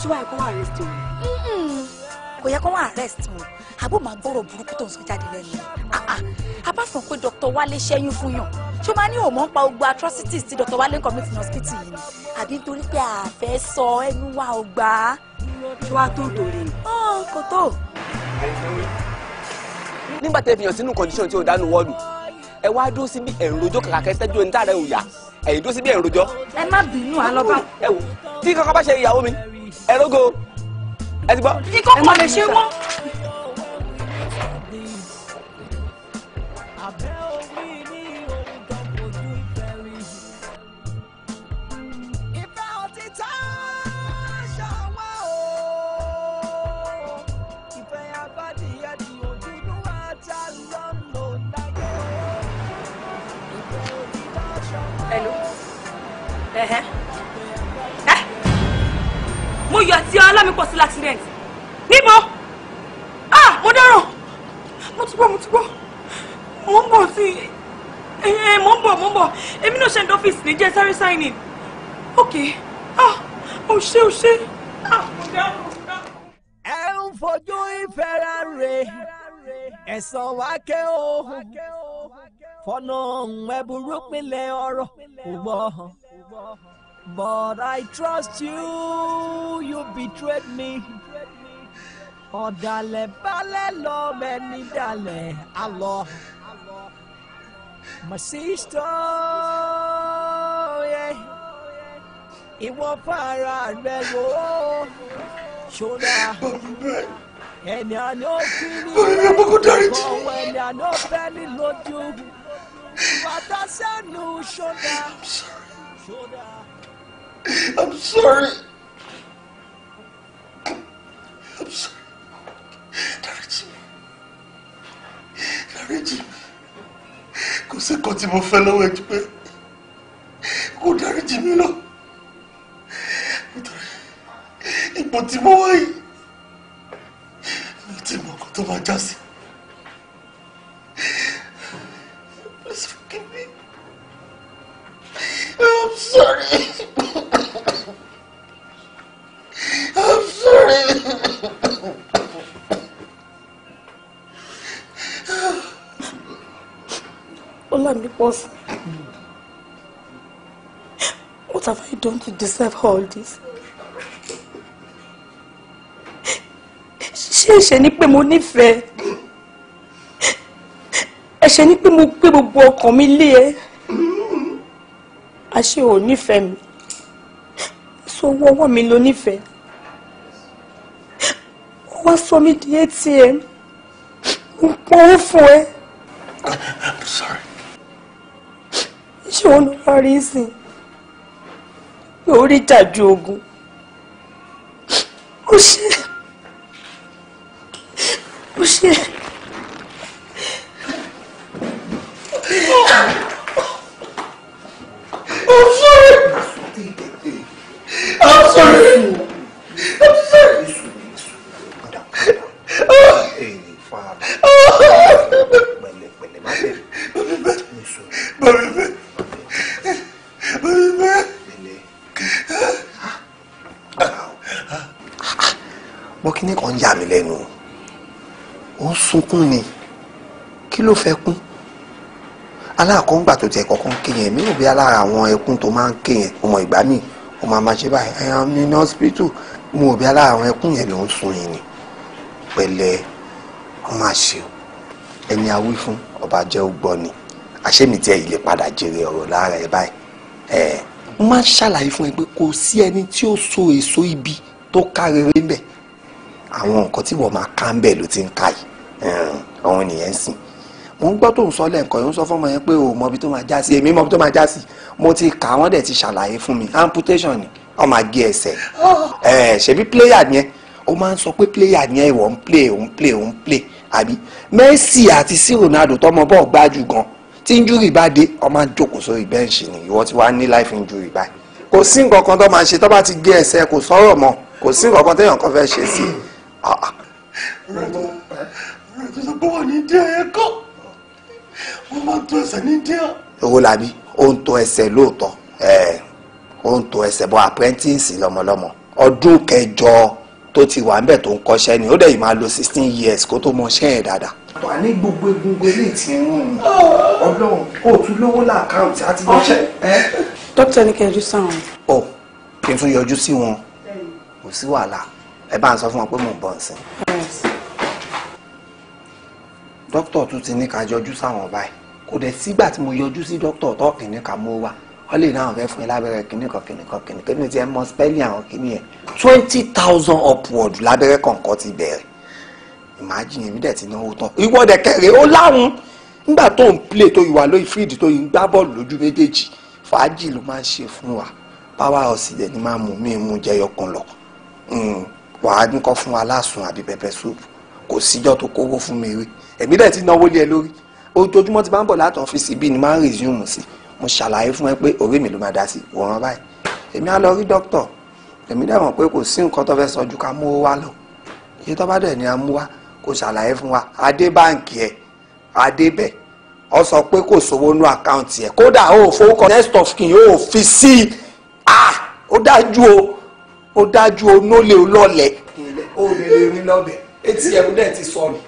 ṣé wàá kó wá àrẹ́sì wọn. kò yẹ kó wá àrẹ́sì wọn àbó máa gbọ́rọ̀ burúkú tó ń sọ jáde lẹ́nu apart ah, ah. from pé dr wálé ṣẹ́yún fún yàn ṣó máa ní òmò ń pa ogbó atrocities tí dr wale commit hospital yìí àbí nítorí pé àfẹ́ sọ ẹnu wa ò gbà á. ṣé wàá tó tòrè. kò tó. nígbà tẹ́ fi hàn sínú condition tí o dánú wọ́ọ̀dù ẹ wá dúró síbi ẹ̀ ń rojọ́ kàkà kẹsẹ́jú ẹni tá a rẹ̀ ò yá ẹ̀yìn dúró síbi ẹ̀ ń rojọ́. ẹ má bínú alọ́ba. ẹ wò tí kankan bá ṣe ìyàwó mi ẹ lógo ẹ ti gbọ́. ikọ́ lè ṣe wọ́n. mo yọ tí ọlọ́mi pọ̀ sí l'accident níbo ah, mo dáràn mo ti gbọ́ mo ti gbọ́ mo ń bọ̀ sí eh, mo ń bọ̀ mo ń bọ̀ èmi náà ṣẹ́ni ọ́fíìsì ní jẹ́ sáré sign in ok ṣe ó ṣe mo dáràn. ẹ ń fojú ìfẹ́ ra rè ẹ̀sán wákẹ́ o fọ́nà ẹ̀bùrú pinlẹ̀ ọ̀rọ̀ kò gbọ́. But I trust you, you betrayed me. Ọ̀dàlẹ̀ balẹ̀ lọ́mẹ nídàlẹ̀ àlọ́. My sister, yeah. Ìwọ fara rẹ̀ wò ó. Ṣọ́dà. Ẹni àná òkú ni. Bọ̀dé ni mo dárí jì. Ọ̀wọ̀ ẹni àná ọ̀fẹ́ ni lójú. Bàtà sẹ́nu ṣọ́dà. I'm I'm sorry. I'm sorry. Dáríjì mi. Dáríjì mi. Kò sí kan tí mo fẹ́ lọ́wọ́ ẹjú pé kò dáríjì mi lọ. Nítorí ipò tí mo wá yìí mi ti mọ̀ kan tó máa já sí. I'm sorry. I'm sorry. Olamiposun, what have I done to deserve all this? Ṣé ẹ̀ṣẹ̀ ni pé mo nífẹ̀ẹ́? Ẹ̀ṣẹ̀ ni pé mo gbé gbogbo ọkàn mi lé ẹ àṣé ò nífẹ̀ẹ́ mi sówó ọwọ́ mi ló nífẹ̀ẹ́ ó wá sọ mí di atm mo pọ́wọ́ fún ẹ. I'm sorry. ṣé òun ló wá rí sìn lórí ìjàjú ogun ó ṣe ó ṣe. ń ké yẹn mi ò bí alára àwọn ẹkún tó máa ń ké yẹn ọmọ ìgbà mi ó máa máa ṣe báyìí ẹ̀yà mi ní hospital mo ò bí alára àwọn ẹkún yẹn ló ń sun yìí ni pẹ̀lẹ́ ó máa ṣe o ẹni awí fún ọba jẹ́ ó gbọ́ ni àṣẹ́mi tí ẹ yìí lè padà jèrè ọ̀rọ̀ lára ẹ báyìí ẹ̀ mo máa ń ṣàlàyé fún ẹ pé kò sí ẹni tí ó so èso ibi tó ká rere ń bẹ̀ àwọn nǹkan tí wọ́n máa ká ń ló ti ń ká yìí ọ̀hún nìyẹn sìn mo ń gbọ́ tó ń sọ lẹ́ǹkan yìí ó ń sọ fọ́mọ yẹn pé o mọ ibi tó máa já sí èmi mọ ibi tó máa já sí mo ti kà wọ́n dẹ̀ ti ṣàlàyé fún mi amputation ni wọ́n máa gé ẹsẹ̀ ẹ̀ ṣebí player yẹn o máa ń sọ pé player yẹn ìwọ ń play òun play òun play àbí Messi àti sí Ronaldo tọmọ bọ́ọ̀ gbájú gan tí injury bá dé ó máa jókòó sórí bẹ́ǹṣì ni ìwọ ti wá ní life injury báyìí kò sí nǹkan kan tó máa ṣe tó bá ti gé ẹsẹ̀ kò sọ̀rọ̀ mọ́ kò wọ́n máa ń tọ ẹsẹ̀ ní díẹ̀. owó làbí ó ń tọ ẹsẹ̀ lóòótọ́ ó ń tọ ẹsẹ̀ bọ́ apprentice lọ́mọlọ́mọ ọdún kẹjọ tó ti wà ń bẹ̀ tó ń kọ́ṣẹ́ ni ó dẹ̀ yìí máa lo sixteen years kó tó mọṣẹ́ ẹ̀ dáadáa wà ní gbogbo egungun eléyìí tí ń rún ọlọ́run kó o tún lówó láàkáǹtì àti lọ́ṣẹ́. dókítà ní kí ẹ yọjú sáwọn. ọ kí n tún yọjú sí wọn kò sí wàhálà ẹ bá ń sọ fún wọn pé mò ń bọ̀ ǹsìn dókítà tún ti ní ká yọjú sáwọn báyìí kò dẹ̀ sígbà tí mo yọjú sí dókítà tó kìnní kan mú wa wọ́n lè náà fẹ́ fún ẹ lábẹ́rẹ́ kìnní kan kìnní kan kìnní kan tí ẹ mọ spẹ́lì àwọn kìnní yẹn twenty thousand upward lábẹ́rẹ́ kọ̀ọ̀kan ti bẹ̀rẹ̀ imagine èmi dẹ̀ ti náwó tán ìwọ dẹ̀ kẹrẹ̀ ó láwùn nígbà tó ń play tó ìwà lórí fíìdì tó ń gbá bọ́ọ̀lù lójú méjèèjì fàájì ló máa ń ṣe fún wa power ọ̀sìn dẹ̀ ni máa mú mí mú jẹyọ kan lọ hmm, wàá ń kọ́ fún wa lásùn àbí pẹpẹ soup kò síjọ́ tó kówó fún mi rí èmi dẹ̀ ti náwó lé ẹ lórí ojoojúmọ́ ti máa ń bọ̀ láti ọ́fíìsì bíi ni máa ń rìsíùmù sí mo ṣàlàyé fún ẹ pé ọ̀rẹ́ mi ló máa dá sí wòran báyìí èmi á lọ rí dókítọ̀ èmi dẹ̀ mọ̀ pé kò sí nǹkan tó fẹ́ sọ ju ká mú wá lọ iye tó bá dẹ̀ ni a mú wá kò ṣàlàyé fún wa adé báǹkì ẹ adé bẹ̀ ọ sọ pé kò sówó nú àkáǹtì ẹ kódà ó fowó kọ next of kin ó fi sí i ah ó dájú o ó dájú o nólè olólè ó lè rí lọ́bẹ̀ẹ́ atm dẹ̀ ti sọnù.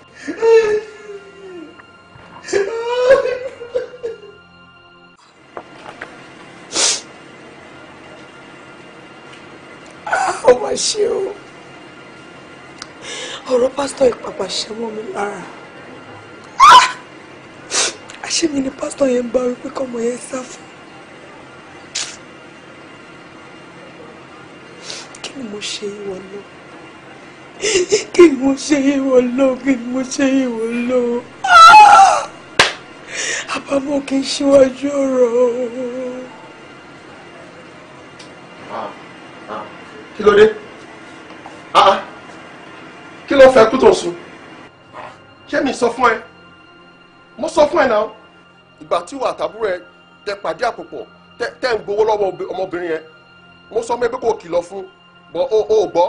ó mà ṣe o ọ̀rọ̀ pásítọ̀ ìpàpà ṣe mọ́ mi lára àṣẹ́mi ni pásítọ̀ yẹn ń bá wípé kọ́mọ yẹn sá fún kí ni mo ṣe ìwọ náà kí mo ṣe ìwọ lọ kí mo ṣe ìwọ lọ àbámọ̀ kì í ṣíwájú ọ̀rọ̀. kí ló dé ah, ah. kí ló fẹ́ kú tó sùn ṣé mi sọ fún ẹ mo sọ fún ẹ náà ìgbà tí wà tàbúrò ẹ tẹ pàdé àpòpọ̀ tẹ ń gbowó lọ́wọ́ ọmọbìnrin yẹn mo sọ mẹ́gbẹ́ kò kìlọ̀ fún o ó gbọ́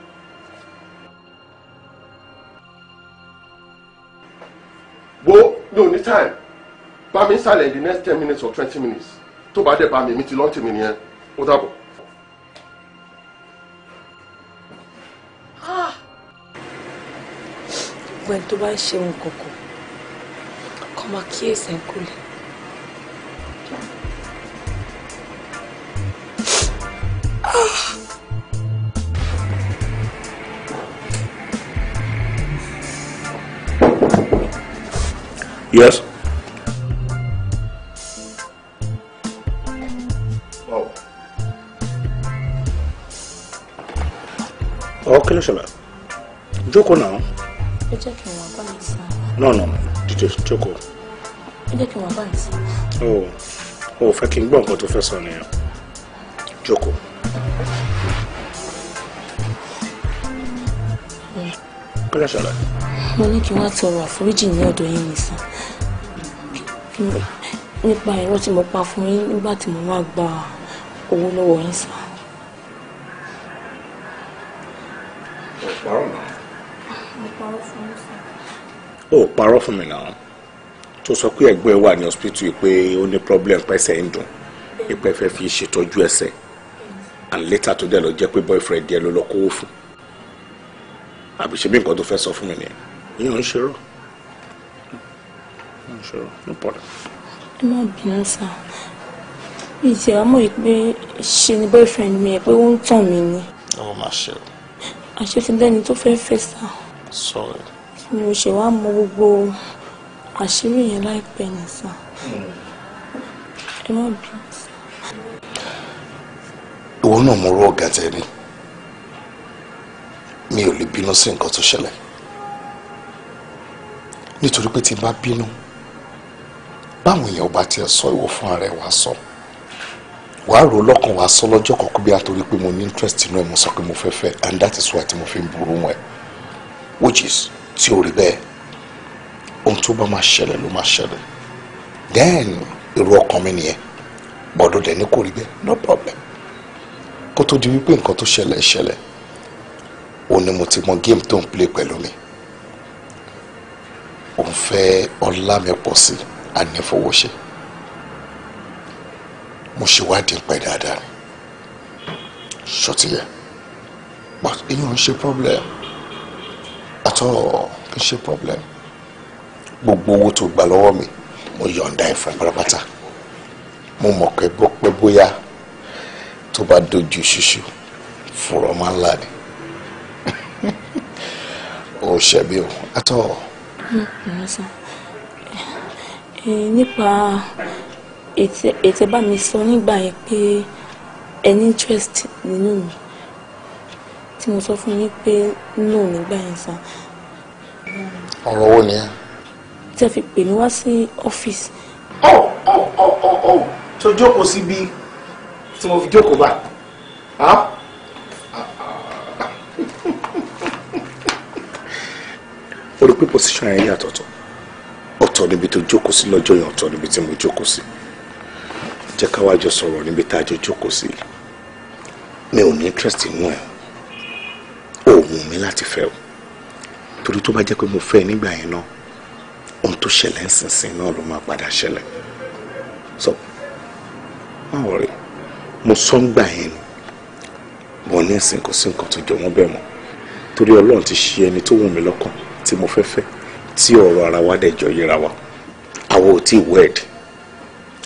wo no! ò time bá mi sàlẹ̀ the next ten minutes or twenty minutes tó bá dẹ̀ bá mi èmi ti lọ́ọ̀tì mi nìyẹn ó dàbọ̀. Ah! gbogbo ẹni tó bá ń ṣe ohun kọ̀ọ̀kan kọ́ máa kíyèsí ẹ̀ kúlẹ̀. Ah! Yes. Wow. Oh, kí ló ṣẹlẹ̀? Jókòó náà. Ẹ jẹ́ kí n wá bá mi sá. No, no, no, dìde jókòó. Ẹ jẹ́ kí n wá Oh, oh, fẹ́ kí n gbọ́ nǹkan tó fẹ́ sọ nìyẹn. Jókòó. Kí ló ṣẹlẹ̀? Mo ní kí wọ́n á tọrọ àforíjì ní ọ̀dọ̀ yín nìsan síbẹ̀ nípa irọ́ tí mo pa fún yín nígbà tí mo máa gba owó lọ́wọ́ yín sá. ó parọ́ fún mi náà tó sọ pé ẹgbẹ́ wà ní hospital pé ó ní problem pẹ́sẹ̀ ń dùn ìpẹ́ fẹ́ fi ṣètọ́jú ẹsẹ̀ and later tó dẹ̀ lọ jẹ́ pé boyfriend díẹ̀ ló lọ kówó fún àbí ṣe bí nǹkan tó fẹ́ sọ fún mi nìyẹn ìyẹn ń ṣe rọ̀ sure no problem. ẹ má bínú sá mi ti wá mọ̀ yìí pé ṣe ni boyfriend mi ẹ̀ pé ó ń tàn mí ni. ọmọ máa ṣe o. àṣé ti lẹ́ni tó fẹ́ fẹ́ sá. sorry. mi ò ṣe wá mọ gbogbo àṣírí yẹn láìpẹ́ ní sá. ẹ má bínú sá. ìwọ náà mo rú ọ̀gá tẹ ni mi ò lè bínú sí nǹkan tó ṣẹlẹ̀ nítorí pé tí n bá bínú. No báwọn èèyàn bá tiẹ̀ sọ ìwọ fúnra rẹ̀ wá sọ wàá rò lọ́kàn wá sọ lọ́jọ́ kọ̀ọ̀kan bí a pé mo ní interest inú ẹ̀ mo sọ pé mo fẹ́ fẹ́ and that is why tí mo fi ń burú wọn ẹ̀ which is tí o rí bẹ́ẹ̀ ohun tó bá máa ṣẹlẹ̀ ló máa ṣẹlẹ̀ then èrò ọkàn mi nìyẹn bọ́dọ̀ dẹ̀ ní kò rí bẹ́ẹ̀ no problem kó tó di wípé nǹkan tó ṣẹlẹ̀ ṣẹlẹ̀ ó ní mo ti mọ game tó ń play pẹ̀lú mi òun fẹ́ ọlá mi pọ̀ sí i anífowóṣe mo ṣèwádìí pẹ́ dáadáa ni ṣọtiyẹ but ìyẹn ń ṣe problem àtọ kì í ṣe problem gbogbo owó tó gbà lọ́wọ́ mi mo yọ̀ǹda ẹ̀ fún pátápátá mo mọ̀ pé bó pẹ́ bóyá tó bá dojú ṣíṣú fúrọ̀ máa ń là ní o ṣẹ̀bi o àtọ. mo nípa ètè bá mi sọ nígbà yẹn pé any interest nínú mi tí mo sọ fún yín pé no nígbà yẹn sá. ọ̀rọ̀ wo nìyẹn. tí a fi pè mí wá sí ọ́fíìsì. ọ̀ ọ̀ ọ̀ ọ̀ ọ̀ tó jókòó síbi tí mo fi jókòó bá ah, ah. o rò pé position yẹn yàtọ̀tọ̀ ọ̀tọ̀ níbi tó jókòó sí lọ́jọ́ yẹn ọ̀tọ̀ níbi tí mo jókòó sí jẹ́ ká wá jọ sọ̀rọ̀ níbi tá a jọ jókòó sí mi ò ní interest inú ẹ̀ ò mú mi láti fẹ́ o torí tó bá jẹ́ pé mo fẹ́ nígbà yẹn náà ohun tó ṣẹlẹ̀ ńsinsin náà ló máa padà ṣẹlẹ̀ so má wọrí mo sọ ń gbà yẹn ni mo ní ẹ̀sìn kò sí nǹkan tó jọ wọ́n bẹ́ẹ̀ mọ́ torí ọlọ́run ti ṣe ẹni tó wù mí lọ́kàn tí mo fẹ́ fẹ́ tí ọ̀rọ̀ ara wa dẹ̀ jọ yíra wa àwọn ò tí ì wed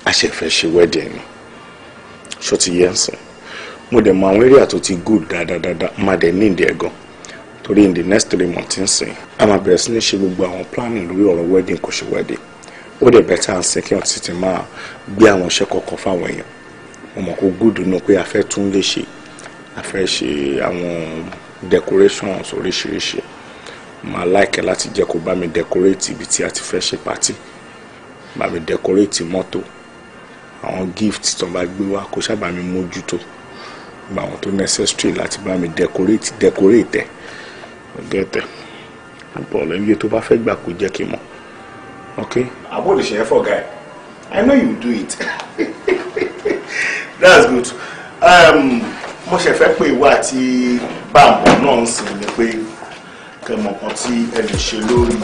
a ṣe fẹ́ ṣe wedding ni ṣó ti yẹ ń sìn mo dẹ̀ mọ àwọn area tó ti good dáadáa máa dẹ̀ ní ìdí ẹ̀ gan torí in the next three months ń sìn a máa bẹ̀rẹ̀ sí ní ṣe gbogbo àwọn planning lórí ọ̀rọ̀ wedding kò ṣe wedding ó dẹ̀ bẹ̀ẹ́ tá à ń sìn kí wọ́n ti ti máa gbé àwọn iṣẹ́ kọ̀ọ̀kan fáwọn èèyàn mo mọ̀ kó good nù pé a fẹ́ tún lè ṣe a fẹ́ ṣe àwọn decorations oríṣiríṣi. So màá láìkẹ́ láti jẹ́ kó bá mi dẹkóréètì ibi tí a ti fẹ́ ṣe pàtì bá mi dẹkóréètì mọ́tò àwọn gift tó bá gbé wá kó sábà mi mójútó gba àwọn tó necessary láti bá mi dẹkóréètì dẹkóréètì ẹ̀ gẹ́tẹ̀ bọ̀ọ̀lù iye tó bá fẹ́ gbà kó jẹ́ kí n mọ̀ ok. àbó lè ṣe é fọ guy i know you do it that's good um, mo ṣe fẹ́ pé ìwà àti bàbá náà ń sìn ni pé kẹ́ mọ̀ kan tí ẹ lè ṣe lórí.